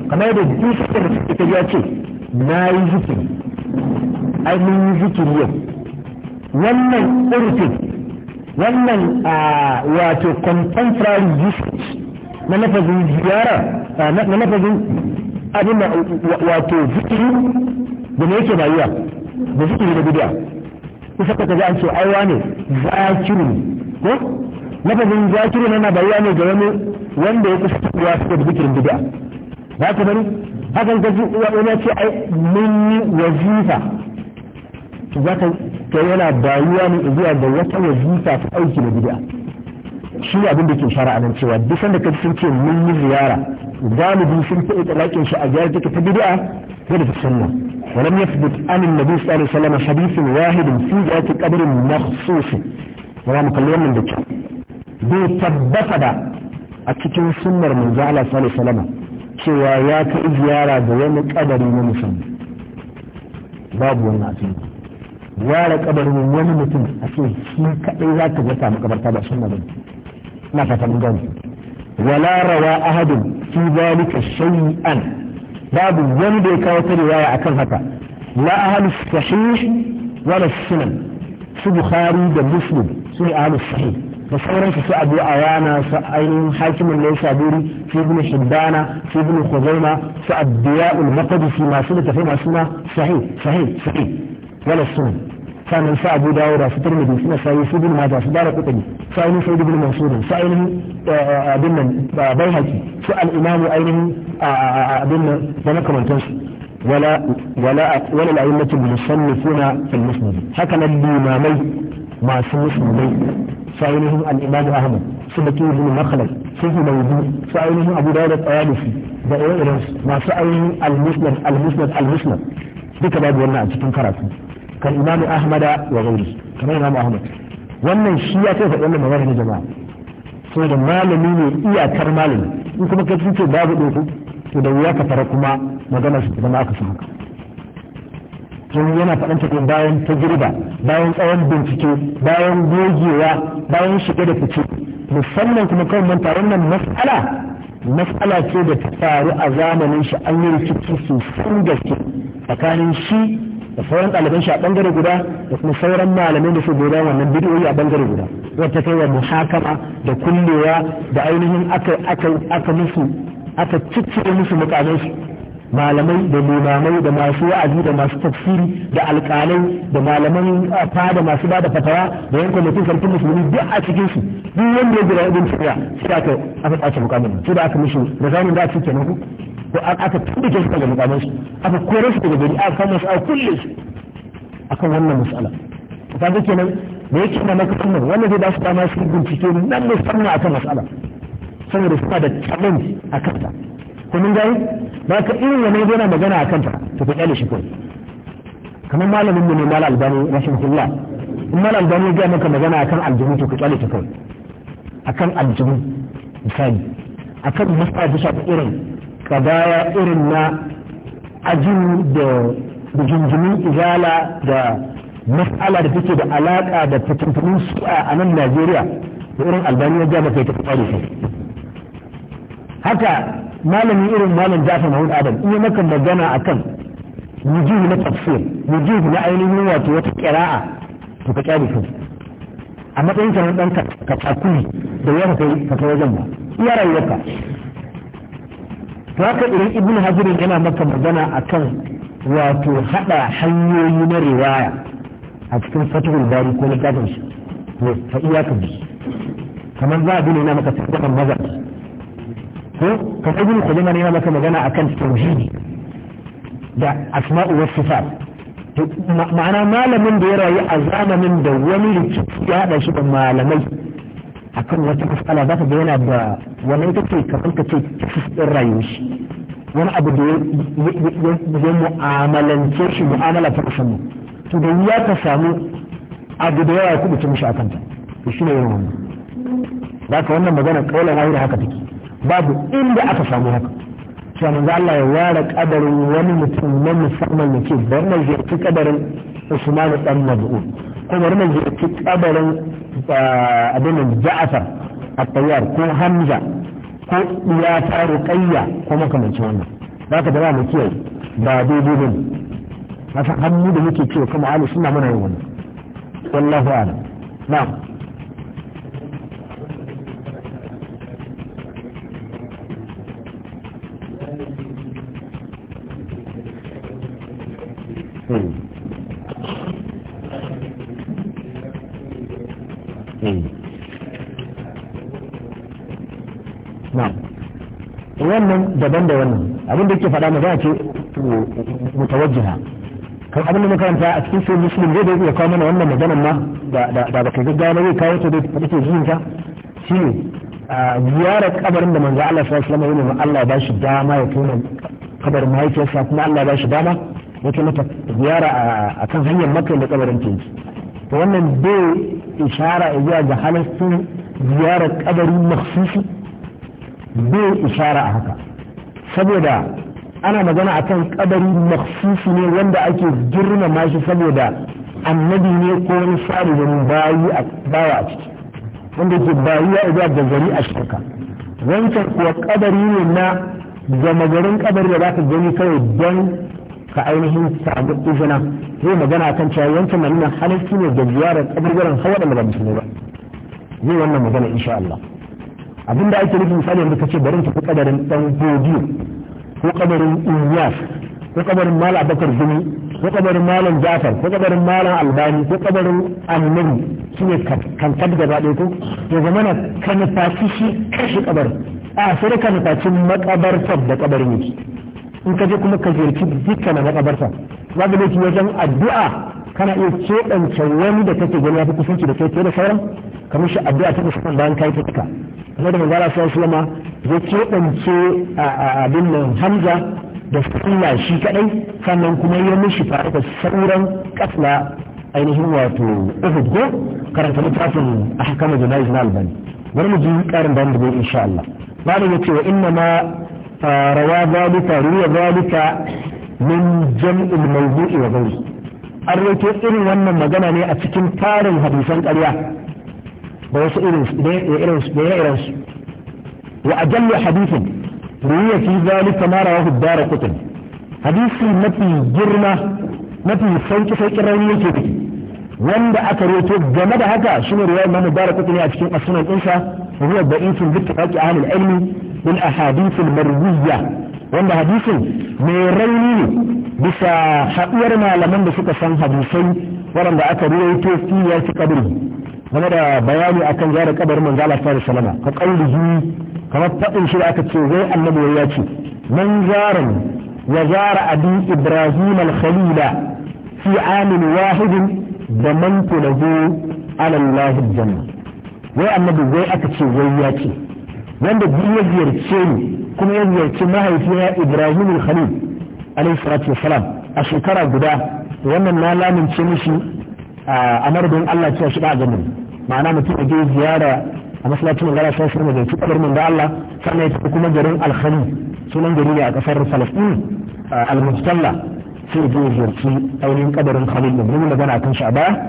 kamar da duk da suke ta yace ce na yi zikiri ai mun yi zikiri yau wannan urfin wannan wato contemporary usage na nafazin ziyara na lafazin abin da wato zikiri da ne yake bayuwa da zikiri da bidiya kusa ka ga an ce aiwa ne zakiru ko nafazin zakiru na na bayuwa ne ga wani wanda ya kusa ya fita da zikirin bidiya ba ka bari hakan ka ji uwa ɗaya ce ai mun yi wazifa za ka ta yana bayuwa ne zuwa da wata wazifa ta aiki na bid'a shi ne abin da ke shara nan cewa duk sanda ka sun ce mun yi ziyara galibi sun fi itlaqin shi a ziyara take ta bid'a ko da sunna ولم يثبت عن النبي صلى الله عليه وسلم حديث واحد في ذات قبر مخصوص ولا مكلم من ذكر بيتبت a cikin sunnar manzo Allah sallallahu alaihi wasallam cewa ya kai ziyara ga wani kadari na mutum babu wani asiri ziyara kabarin wani mutum a ce shi kadai za ka zata makabarta ba sunna ba na fatan gani wala rawa ahadun fi zalika shay'an babu wani da ya kawo ta riwaya akan haka la ahlu sahih wala sunan su bukhari da muslim su ne ahlu sahih da sauransu su abu a yana su ainihin hakimin lai saburi su ibn hibbana su ibn khuzaima su abdiya'ul maqdisi masu littafi masu na sahih sahih sahih wala sunan sannan su abu da su turmidi suna sayi su ibn majah su dara kutani su ainihin sai ibn mansurin su ainihin eh, eh, abin nan bai haki su al'imamu ainihin abin nan da makamantansu ولا ولا ولا الأئمة المصنفون في المسند هكذا الإمامين مع المسلمين su ainihin al'imamu ahmad su da ibn makhlal su hulaibu su ainihin abu dawud tsayalisi da irin masu ainihin al-musnad al-musnad al-musnad duka babu wannan a cikin karatu kan imamu ahmada wa gauri kamar imamu ahmad wannan shi ya kai faɗi wannan magana ne jama'a saboda malami ne iyakar malami in kuma ka ce babu ɗoko to da wuya ka fara kuma magana su zama aka san tun yana faɗan ta bayan girba bayan tsawon bincike bayan gogewa bayan shige da fice musamman kuma kawai nan wannan matsala mas'ala ce da ta faru a zamanin shi an yi rikici sosan gaske tsakanin shi da sauran ɗaliban shi a ɓangare guda da kuma sauran malamai da su goda wannan bidiyoyi a ɓangare guda wata kai wa muhakama da kullewa da ainihin aka musu aka ciccire musu mukamansu malamai da limamai da masu wa'azi da masu tafsiri da alƙalai da malaman fada masu da fatawa da yan kwamitin sarkin musulmi duk a cikin su duk wanda ya jira ibn tafiya sai da aka aka kwace mukamin sai da aka mishi razamin da a kenan ku ko aka ke su daga mukamin su aka kore su daga gari aka kama su a kulle su akan wannan mas'ala ka ga kenan da yake na maka wannan wannan zai ba su dama su bincike nan musamman akan mas'ala saboda suna da challenge a kanta ko mun gani ba ka irin wani yana magana a kanta to kyale shi kamar malamin mu ne mal albani rahimahullah in mal albani ya maka magana akan aljihu to ka kyale ta kai akan aljihu misali akan masala ta shafi irin kadaya irin na ajin da bujinjimin izala da mas'ala da take da alaka da fitintunin shi'a a nan Najeriya da irin albani ya maka ta kyale shi haka malamin irin malam Jafar Mahmud Adam in maka magana akan wujuhu na tafsir wujuhu na ainihin wato wata kiraa to ka kyale su a matsayin ka dan ka takuri da ka kai ka kai wajen ba iya rayuwarka to haka irin ibnu hajar yana maka magana akan wato hada hanyoyi na riwaya a cikin fatihul bari ko na gadon shi ne fa iyaka bi kamar za a bi ne na maka tabbatar mazhabi فتجن سليمان يما لك مجانا أكن توجيهي ده أسماء والصفات معنى ما لمن ديرا يأزان من دواني لتكتيا لا يشبه ما لمي أكن وتكف على ذات دينا با ولن تكي كفل تكي تكف الرايوش وانا أبدو يوم معاملا تكيش معاملا تكشمه تدويا تسامو أبدو يوم يكون تمشي أكنت وشين يوم ذاك وانا مجانا قولا غير حكا تكي babu inda aka samu haka Allah ya ware kadarin wani mutum na musamman ya na ziyarci kadarin Usman dan Maz'un ko bari na ziyarci kadarin eh, abin Ja'far at-Tayyar ko Hamza ko ya ta Ruqayya ko makamancin wannan zaka da mu kiyaye ba daidai hannu da muke cewa kuma alu suna mana yin wannan wallahu a'lam na'am daban da wannan abin da yake faɗa za a ce mutawajjiha kan abin da makaranta a cikin sai muslim zai da iya kawo mana wannan maganar ma da ba kai gaggawa zai kawo ta da take jin ta shine ziyara kabarin da manzo Allah sallallahu alaihi wasallam Allah ya bashi dama ya tona kabarin mahaifiyarsa kuma Allah ya bashi dama yake mata ziyara a kan hanyar makka da kabarin tinki to wannan bai ishara zuwa ga halaccin ziyarar kabari makhsusi bai ishara a haka saboda ana magana akan kabari makhsusi ne wanda ake girmama shi saboda annabi ne ko wani salihin bayi a bawa a ciki wanda ke bayi ya izuwa da gari a shirka wancan kuwa kabari ne na gama garin kabari da za ka gani kawai don ka ainihin samu izina zai magana akan cewa wancan na nuna halittu ne da ziyarar kabargaran hawa da ba ba zai wannan magana insha Allah abin da ake nufi misali yanzu kace bari ki fi kadarin dan godiyo ko kadarin iyas ko kabarin malam abakar zumi ko kabarin malam jafar ko kabarin malam albani ko kabarin annabi shi ne kankan gaba ɗaya ko ya zama na kanufaci shi kashi kabar a sai da kanufaci makabartar da kabarin yake in ka je kuma ka ziyarci dukkan makabarta za ka ki wajen addu'a kana iya keɓance wani da kake gani ya fi kusanci da kai da sauran kamar shi addu'a ta musamman bayan kai fitka kuma da manzara sa sulama ya keɓance abin nan hamza da sallah shi kadai sannan kuma ya mishi tare da sauran kasla ainihin wato uhud ko karanta littafin ahkamu jana'iz na albani bari mu ji karin bayan da bai insha Allah malam yace wa inna ma rawa zalika ruwa zalika min jam'il mawdu'i wa ghairi an roke irin wannan magana ne a cikin tarin hadisan ƙarya ba wasu irin su da ya irin su wa ajallu hadithin ruwiya fi zalika ma rawahu ad-darqutni hadisi mafi girma mafi sauki sauki rauni yake ciki wanda aka roto game da haka shine riwayar Imam Darqutni a cikin as-sunan ɗinsa ruwa da'ifun bi tafaqi ahli al-ilmi bil ahadith al-marwiyya wanda hadisin mai rauni ne bisa haɗuwar malaman da suka san hadisai waɗanda aka ruwaito fi ya ci kabiri game da bayani akan gyara kabarin manzo Allah sallallahu alaihi wasallam ka kaulihi kamar faɗin shi da aka ce wai annabi ya ce man zaran ya zara abi ibrahim al-khalila fi amin wahidin da man tulahu ala Allah janna wai annabi wai aka ce wai ya ce wanda duk ya ziyarce ni kuma ya ziyarci mahaifina ibrahim khalil alaihi salatu wasalam a shekara guda wannan na lamince mishi a madadin allah cewa shi ba ganin ma'ana mutum ya je ziyara a masallacin gara sai shirma da su kabarin da allah sannan ya kuma garin alkhali sunan gari ne a kasar falastin al-mustalla sai ya je ziyarci ainihin kabarin khalil da mun magana kan shi a baya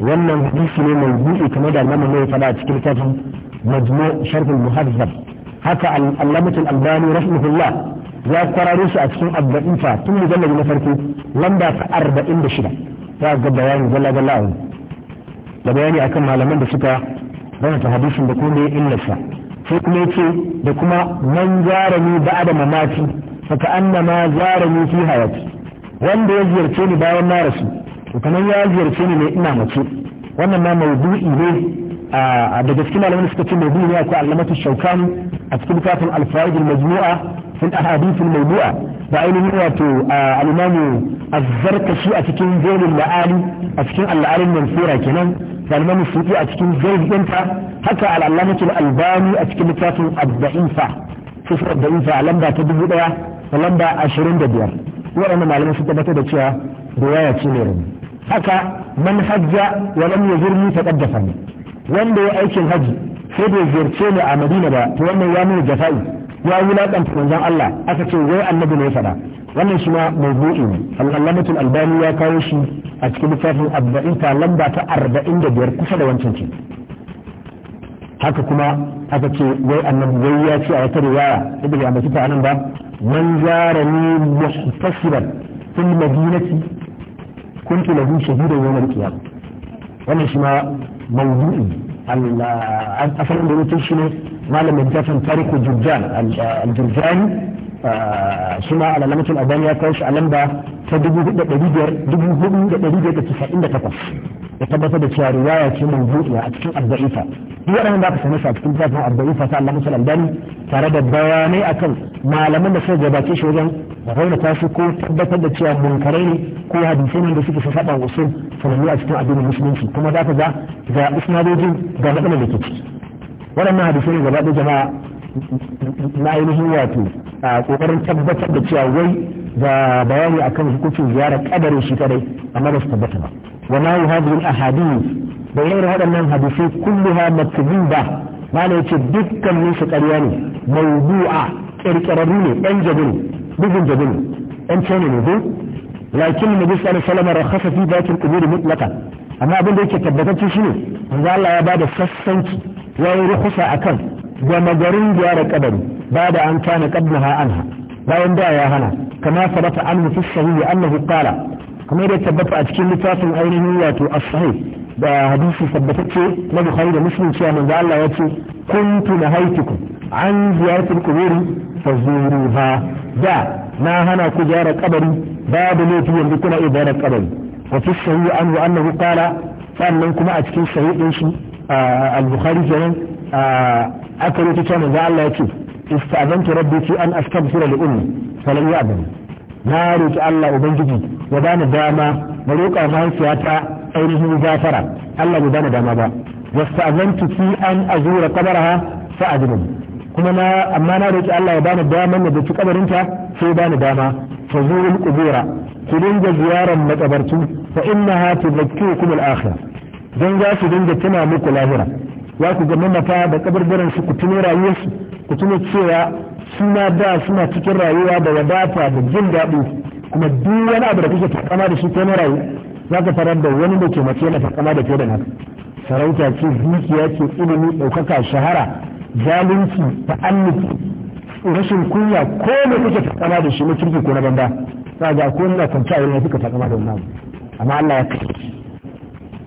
wannan hadisi ne mai buɗe kamar da namu ne faɗa a cikin littafin majmu sharhul muhazzab haka allamatul albani rahimahullah ya kwararo su a cikin abba'ifa tun mujallar na farko lamba ta arba'in da shida za ga bayani galla a da bayani akan malaman da suka rana ta hadisin da kuma ya illarsa sai kuma ya ce da kuma man zarani ba'a da mamati faka anna ma zarani fi hayati wanda ya ziyarce ni bayan na rasu to kamar ya ziyarce ni mai ina mace wannan ma maudu'i ne daga cikin malamai suka ce maudu'i ne akwai allamatu shaukani a cikin littafin alfawaid majmu'a sun ahadith mawdu'a da ainihin wato al-imamu az-zarkashi a cikin zainul ma'ali a cikin al-alim mansura kenan da al-imamu sufi a cikin zain dinta haka al-allamatu albani a cikin littafin ad su sufur ad a lamba ta dubu daya da lamba ashirin da biyar waɗannan malamai sun tabbatar da cewa riwaya ce ne rumi haka man hajja wa lam yajurni taqaddasa wanda ya aikin haji sai bai ziyarce ni a madina ba to wannan ya nuna jafa'i ya wulakanta manzon Allah aka ce wai annabi ne ya wannan shi ma mawdu'i ne al-allamatul albani ya kawo shi a cikin littafin arba'in ta lamba ta arba'in da biyar kusa da wancan ce haka kuma aka ce wai annabi wai ya ce a wata riwaya ibn ya ambata anan ba man zarani muhtasiban fil madinati kuntu lahu shahidan yawm qiyamah wannan shi ma mawdu'i asalin da mutum shi ne malamin tafin tariku jurjan al-jurjani shi ma alalamatul albani ya kawo shi a lamba ta dubu hudu da ɗari biyar da ɗari biyar takwas ya tabbatar da cewa riwaya ce mawdu'iya a cikin abda'ifa duk waɗannan da aka same su a cikin littafin abda'ifa ta alalamatul albani tare da bayanai akan malaman da suka gabace shi wajen raunata su ko tabbatar da cewa munkarai ne ko hadisai ne da suke sassaɓa usul sanannu a cikin addinin musulunci kuma za ka ga ga isnadojin ga matsalar da ke ciki waɗannan hadisai ne gaba jama'a na ainihin wato a tabbatar da cewa wai da bayani akan hukuncin ziyarar kabarin shi kadai amma ba su tabbata ba wa ma yuhadhihi al-ahadith da irin waɗannan hadisai kulluha matbuba mana yace dukkan mun su ƙarya ne mawdu'a kirkirarru ne ɗan jabiru bugun jabiru ɗan cene ne lakin nabi sallallahu alaihi wasallam rakhasa fi batil qubur mutlaqan amma abin da yake tabbatacce shine manzo Allah ya bada sassanci ya yi rukhsa akan gama garin gyara kabari ba da an kana qablaha anha bayan da ya hana kama sabata anhu da sahih annahu qala kamar da tabbata a cikin littafin ainihin wato as-sahih da hadisi tabbatacce na bukhari da muslim cewa manzo Allah ya ce kuntu nahaitukum an ziyaratul quburi fazuruha da na hana ku ziyara kabari babu laifi yanzu kuna iya kabari wa fi sahih an wa annahu qala sannan kuma a cikin sahih din shi al-bukhari kenan aka rubuta manzo Allah ya ce استأذنت ربي في أن أستغفر لأمي فلم يأذن na roƙi Allah ubangiji ya bani dama na roƙa ta ainihin gafara Allah bai bani dama ba wasta'azantu fi an azura qabraha fa'adun kuma na amma na roƙi Allah ya bani dama na kabarin ta sai bani dama fa zuwul qubura ku dinga ziyarar makabartu fa innaha tudhakkirukum al-akhirah dan za su dinga tuna muku lahira za ku ga mamata da kabarbaran su ku tuno ku tuno cewa su da suna cikin rayuwa da wadata da jin daɗi kuma duk wani abu da kuke takama da shi ko na rayu za ka tarar da wani da ke mace na takama da ke da naka sarauta ce dukiya ce ilimi ɗaukaka shahara zalunci ta'annuki rashin kunya ko ne kuke takama da shi na kirki ko na banda za ga ko na kwanta yana suka takama da wannan amma Allah ya kashe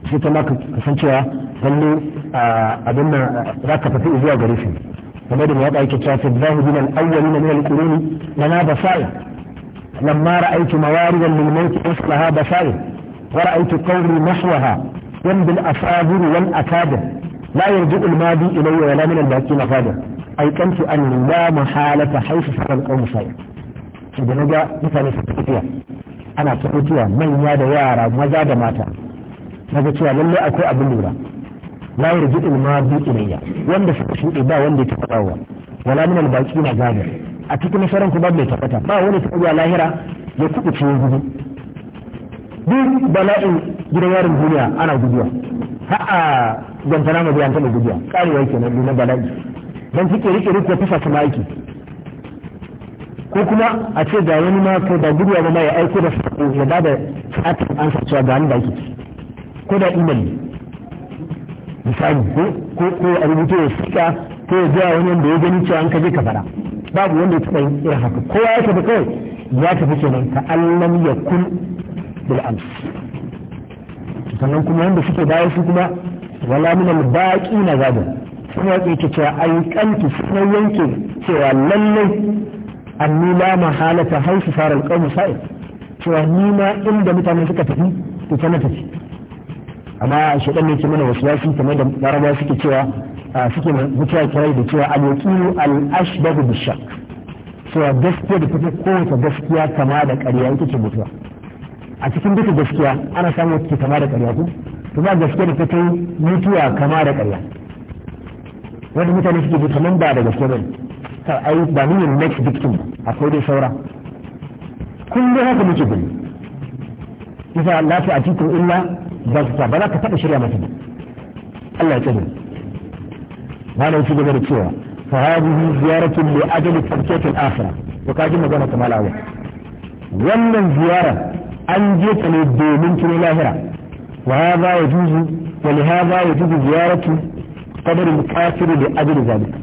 shi ta maka kasancewa lalle ah, abin nan za ka tafi zuwa gare shi ومدن وضع كتاب الله من الأولين من القرون لنا بصائر لما رأيت موارد من موت أصلها بصائر ورأيت قومي نحوها ومن بالأفاضل والأكابر لا يرجع الماضي إلي ولا من الباقين أفاضل أي كنت أن لا محالة حيث سرى القوم صائر سيدي نجا مثل سبتيا أنا سبتيا من يا ديارا وزاد ماتا نجا تيا للي أكو أبو la yarji'ul madi ilayya wanda suka shuɗe ba wanda ya taɓa wa wala min al na gaba a cikin sharan ku ba mai tabbata ba wani ta ga lahira ya ce gudu duk bala'in gidan yarin duniya ana guduwa ha'a gwantana ma biyan tana guduwa wa kenan na bala'i dan suke rike rike fasa sama aiki ko kuma a ce ga wani ma ko da guduwa ma ya aiko da ya ba da satin an sa cewa ga wani baki ko da imani misali ko ko a rubuta ya sika ko ya gaya wani wanda ya gani cewa an kaje ka fara babu wanda ya taɓa yin irin haka kowa ya tafi kawai ya tafi kenan ka allam ya kun bil ams sannan kuma wanda suke baya su kuma wala min al baqi na gado kuma ya ce cewa ai kanki sun yanke cewa lallai annu la mahalata haifu fara alƙawar sa'id cewa ni ma inda mutane suka tafi to ta na tafi amma shi ne ke mana wasu kamar da laraba suke cewa suke mutuwa kirai da cewa al-yaqilu al-ashbahu bi-shakk cewa gaskiya da take kowace gaskiya kama da ƙarya ita ce mutuwa a cikin duka gaskiya ana samun wata kama da ƙarya ko to ba gaskiya da take mutuwa kama da ƙarya wanda mutane suke bi kamar ba da gaskiya bane ta ai ba ni ne next victim akwai dai saura kullum haka muke gani isa la ta'atikum illa ba ba za ka taɓa shirya mata ba Allah ya tsare na shi gaba da cewa fa hadhihi ziyaratun li ajali tafkiyatil akhirah to ka ji magana kamar awai wannan ziyara an je ta ne domin tuno lahira wa hadha yajuzu wa li hadha yajuzu ziyaratu qabr al-kafir li ajali zalik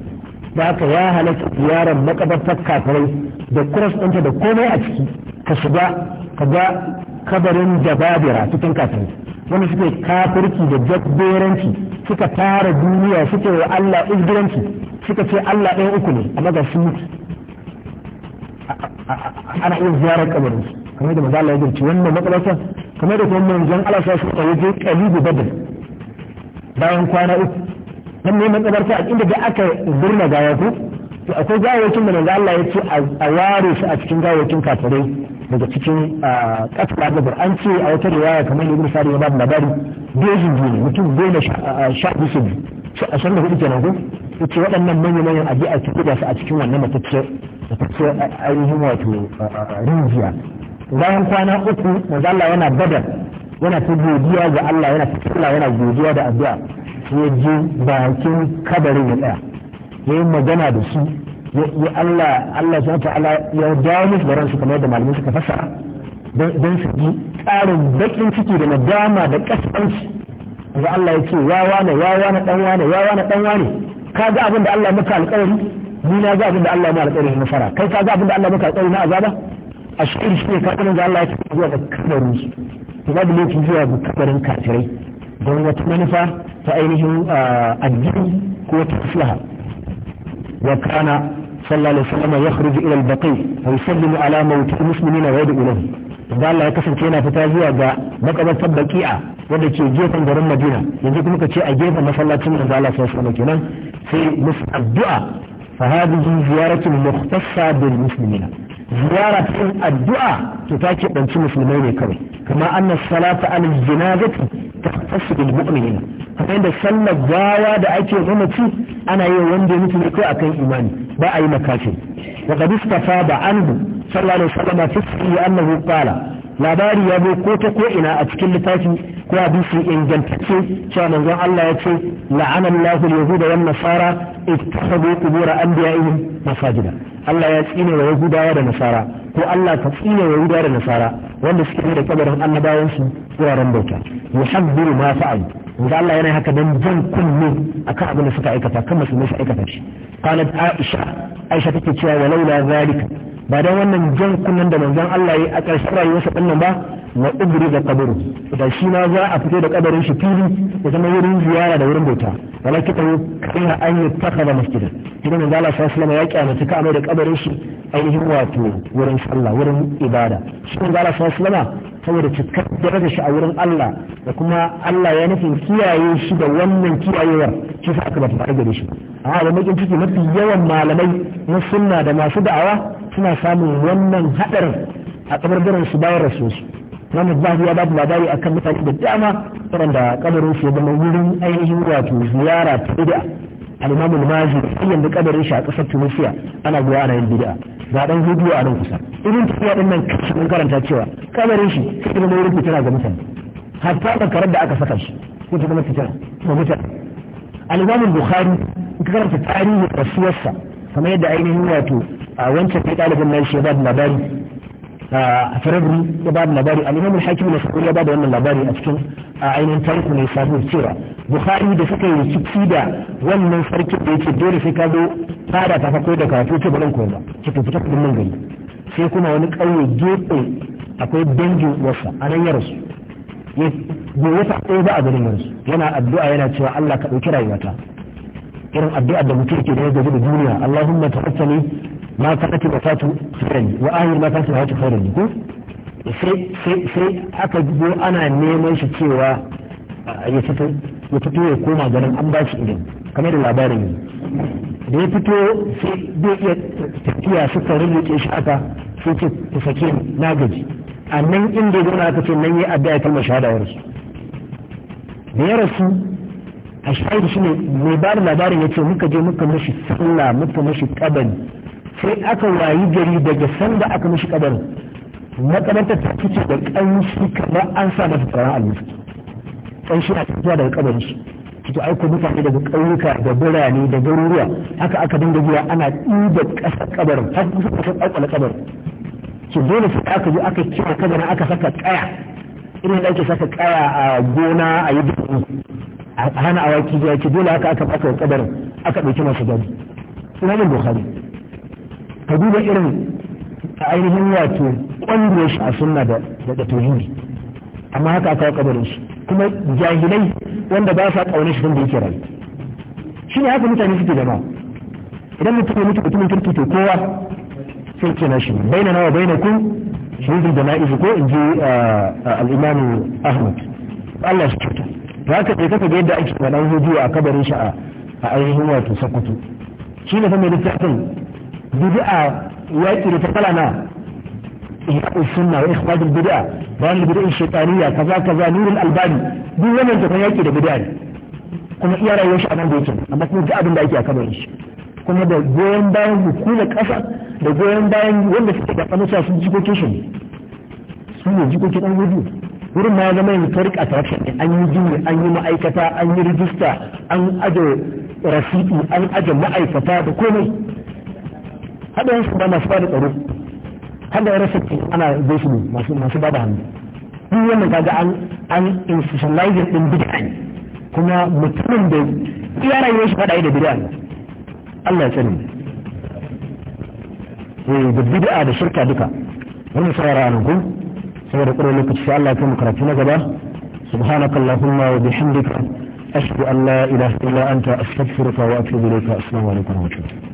da haka ya halatta ziyarar makabartar kafirai da kuras ɗinta da komai a ciki ka shiga ka ga kabarin da babira cikin kafirai wani suke kafirci da jabberanci suka tara duniya suke wa Allah izgiranci suka ce Allah ɗaya uku ne amma ga su mutu ana iya ziyarar kabarin su kamar da maza Allah ya gurci wannan matsalarsa kamar da kuma manzon Allah sa su kawai je kalibu badal bayan kwana uku nan ne matsalarsa a inda da aka birna gaya ku to akwai gawakin da manzo Allah ya ce a ware shi a cikin gawakin kafirai daga cikin kasar gabar an ce a wata riwaya kamar ibn sari ya babu labari dozin biyu mutum goma sha biyu su biyu a shan da hudu kenan ko ita waɗannan manyan manyan abi a cikin gasa a cikin wannan matacciyar matacciyar ainihin wato rijiya bayan kwana uku manzo Allah yana badar yana ta godiya ga Allah yana ta yana godiya da addu'a sai ya je bakin kabarin ya tsaya ya yi magana da su ya Allah Allah subhanahu ta'ala ya dawo da ransu kamar da malamai suka fassara don su ji tsarin bakin ciki da nadama da kasanci da Allah ya ce ya wane ya wane dan wane ya wane dan wane ka ga abin da Allah maka alƙawari ni na ga abin da Allah maka alƙawari na fara kai ka ga abin da Allah maka alƙawari na azaba a shi shi ne kafin da Allah ya ce zuwa ga kabarin su to babu lokacin zuwa ga kabarin kafirai don wata manufa ta ainihin ah, addini ko ta islaha وكان صلى الله عليه وسلم يخرج إلى البقيع ويسلم على موت المسلمين ويدعو لهم da Allah ya kasance yana fita zuwa ga makabartar baki'a wadda ke gefen garin Madina yanzu kuma ka ce a gefen masallacin manzo Allah sallallahu alaihi kenan sai musu addu'a fa hadhihi ziyaratun mukhtassa bil muslimina ziyara cikin addu'a to ta ke ɗanci musulmai mai kawai kama annas salata al jinazati ta tasu bil mu'minin kamar da sallar gawa da ake mamaci ana yi wa wanda mutu ne kai akan imani ba a yi makafi wa qad istafada anhu sallallahu alaihi wasallam fi sirri annahu qala labari ya zo ko ta ko ina a cikin littafi ko a hadisi ingantacce cewa manzon Allah ya ce la'ana Allahu al-yahuda wan nasara ittakhadhu qubur anbiya'ihim masajida Allah ya tsine wa Yahudawa da Nasara ko Allah ka tsine wa Yahudawa da Nasara wanda suke da kabarin annabawan su wuraren bauta yuhabbiru ma fa'al wanda Allah yana haka dan jan kunne akan abin da suka aikata kan musulmai su aikata shi qalat Aisha Aisha take cewa walaula zalika ba dan wannan jan kunnan da manzon Allah ya a ƙarshen rayuwarsa din nan ba wa ubri da kaburu da shi ma za a fito da kabarin shi fili ya zama wurin ziyara da wurin bauta wala kita kana an yattakhadha masjidan idan manzon Allah sallallahu alaihi ya kiyamata ka mai da kabarin shi ainihin wato wurin sallah wurin ibada shi manzon Allah sallallahu alaihi saboda cikar darajar shi a wurin Allah da kuma Allah ya nufin kiyaye shi da wannan kiyayewar shi sa aka bata fara gare shi A da makin ciki mafi yawan malamai na sunna da masu da'awa suna samun wannan hadarin a kabarbaran su bayan rasu su Imam Zahabi ya babu labari akan mutane da dama waɗanda kabarin su ya zama wurin ainihin wato ziyara ta al-imamu al-mazi sai yanzu kabarin shi a kasar tunisia ana zuwa ana yin bid'a ga dan hudu a nan kusa irin tafiya din nan karanta cewa kabarin shi sai da wurin tana ga mutane hatta da karar da aka saka shi ko ta kuma mutane al bukhari ka karanta tarihin rasuwarsa kamar yadda ainihin wato a wancan kai ɗalibin nan shi ya ba da labari fararri ya ba da labari al'imamul hakim na sakuri ya ba da wannan labari a cikin ainihin tarihi mai sabu cewa bukhari da suka yi kifi da wannan sarkin da yake dole sai ka zo fada ta fako da karatu ce bari koyar ki tafi ta kudin gari sai kuma wani ƙauye gefe akwai dangin wasa a nan ya rasu bai wata ɗaya ba a garin yanzu yana addu'a yana cewa Allah ka ɗauki rayuwata irin addu'a da mutum ke da ya gaji da duniya Allahumma tawaffani ma fatati ba fatu khairan wa ahir ma fatu hatu khairan ko sai sai sai aka zo ana neman shi cewa ya fito ya fito ya koma ganin an ba shi idan kamar da labarin ne da ya fito sai zai iya tafiya suka rubuce shi aka sai ce ku sake na gaji a nan inda ya zauna aka ce nan ya addu'a kalmar shahada shahadawar su. da ya rasu a shahidi shine mai ba da labarin ya ce muka je muka mashi sallah muka mashi kabari sai aka wayi gari daga sanda aka mishi kabarin makarantar ta fice da kanshi kamar an sa masa tsaron alwiski ƙanshi a tafiya daga kabarin shi ciki aiko mutane daga ƙauyuka da birane da garuruwa haka aka dinga zuwa ana ɗiba ƙasar kabarin har kusa kusa ƙwaƙwala kabarin ki dole sai aka zo aka kira kabarin aka saka ƙaya irin da ake saka ƙaya a gona a yi dubu a hana awaki zuwa ki dole haka aka baka kabarin aka ɗauki masa gari sunanin bukhari ka duba irin ainihin wato ƙwallon shi a sunna da da tauhidi amma haka aka kabarin shi kuma jahilai wanda ba sa ƙaunar shi da yake rayu shi ne haka mutane suke jama'a idan mutum ya mutu mutumin kirki to kowa sai ce na shi baina nawa baina kun? ku shuzul jana'iz ko in ji al-imam ahmad Allah shi kyauta za ka je kaka ga yadda ake faɗan hudu a kabarin shi a ainihin wato sakkwato shi ne fa mai littafin bid'a ya kire ta kala na ihya'u sunna wa ikhwadul bid'a bayan bid'a shaytaniyya kaza kaza nurul albani duk wannan ta yaki da bid'a ne kuma iya rayuwar a nan da yake amma kuma ga abin da ake akaba shi kuma da goyon bayan hukumar kasa da goyon bayan wanda suke da kamata su jikokin shi su ne jikokin dan wajen wurin ma zama yin tarik a tarakshin ne an yi jini an yi ma'aikata an yi rijista an aje rasiti an aje ma'aikata da komai hada yan shugaba masu bada tsaro hada ya rasa ana zai su masu bada hannu duk wannan kaga an an institutionalizing din bid'a ne kuma mutumin da iya rayuwar shi fada da bid'a ne Allah ya tsare mu eh, da bid'a da shirka duka wannan saurara nan ku saboda kuro lokaci sai Allah ya kai karatu na gaba سبحانك اللهم وبحمدك أشهد أن لا إله إلا أنت أستغفرك وأتوب إليك السلام عليكم ورحمة الله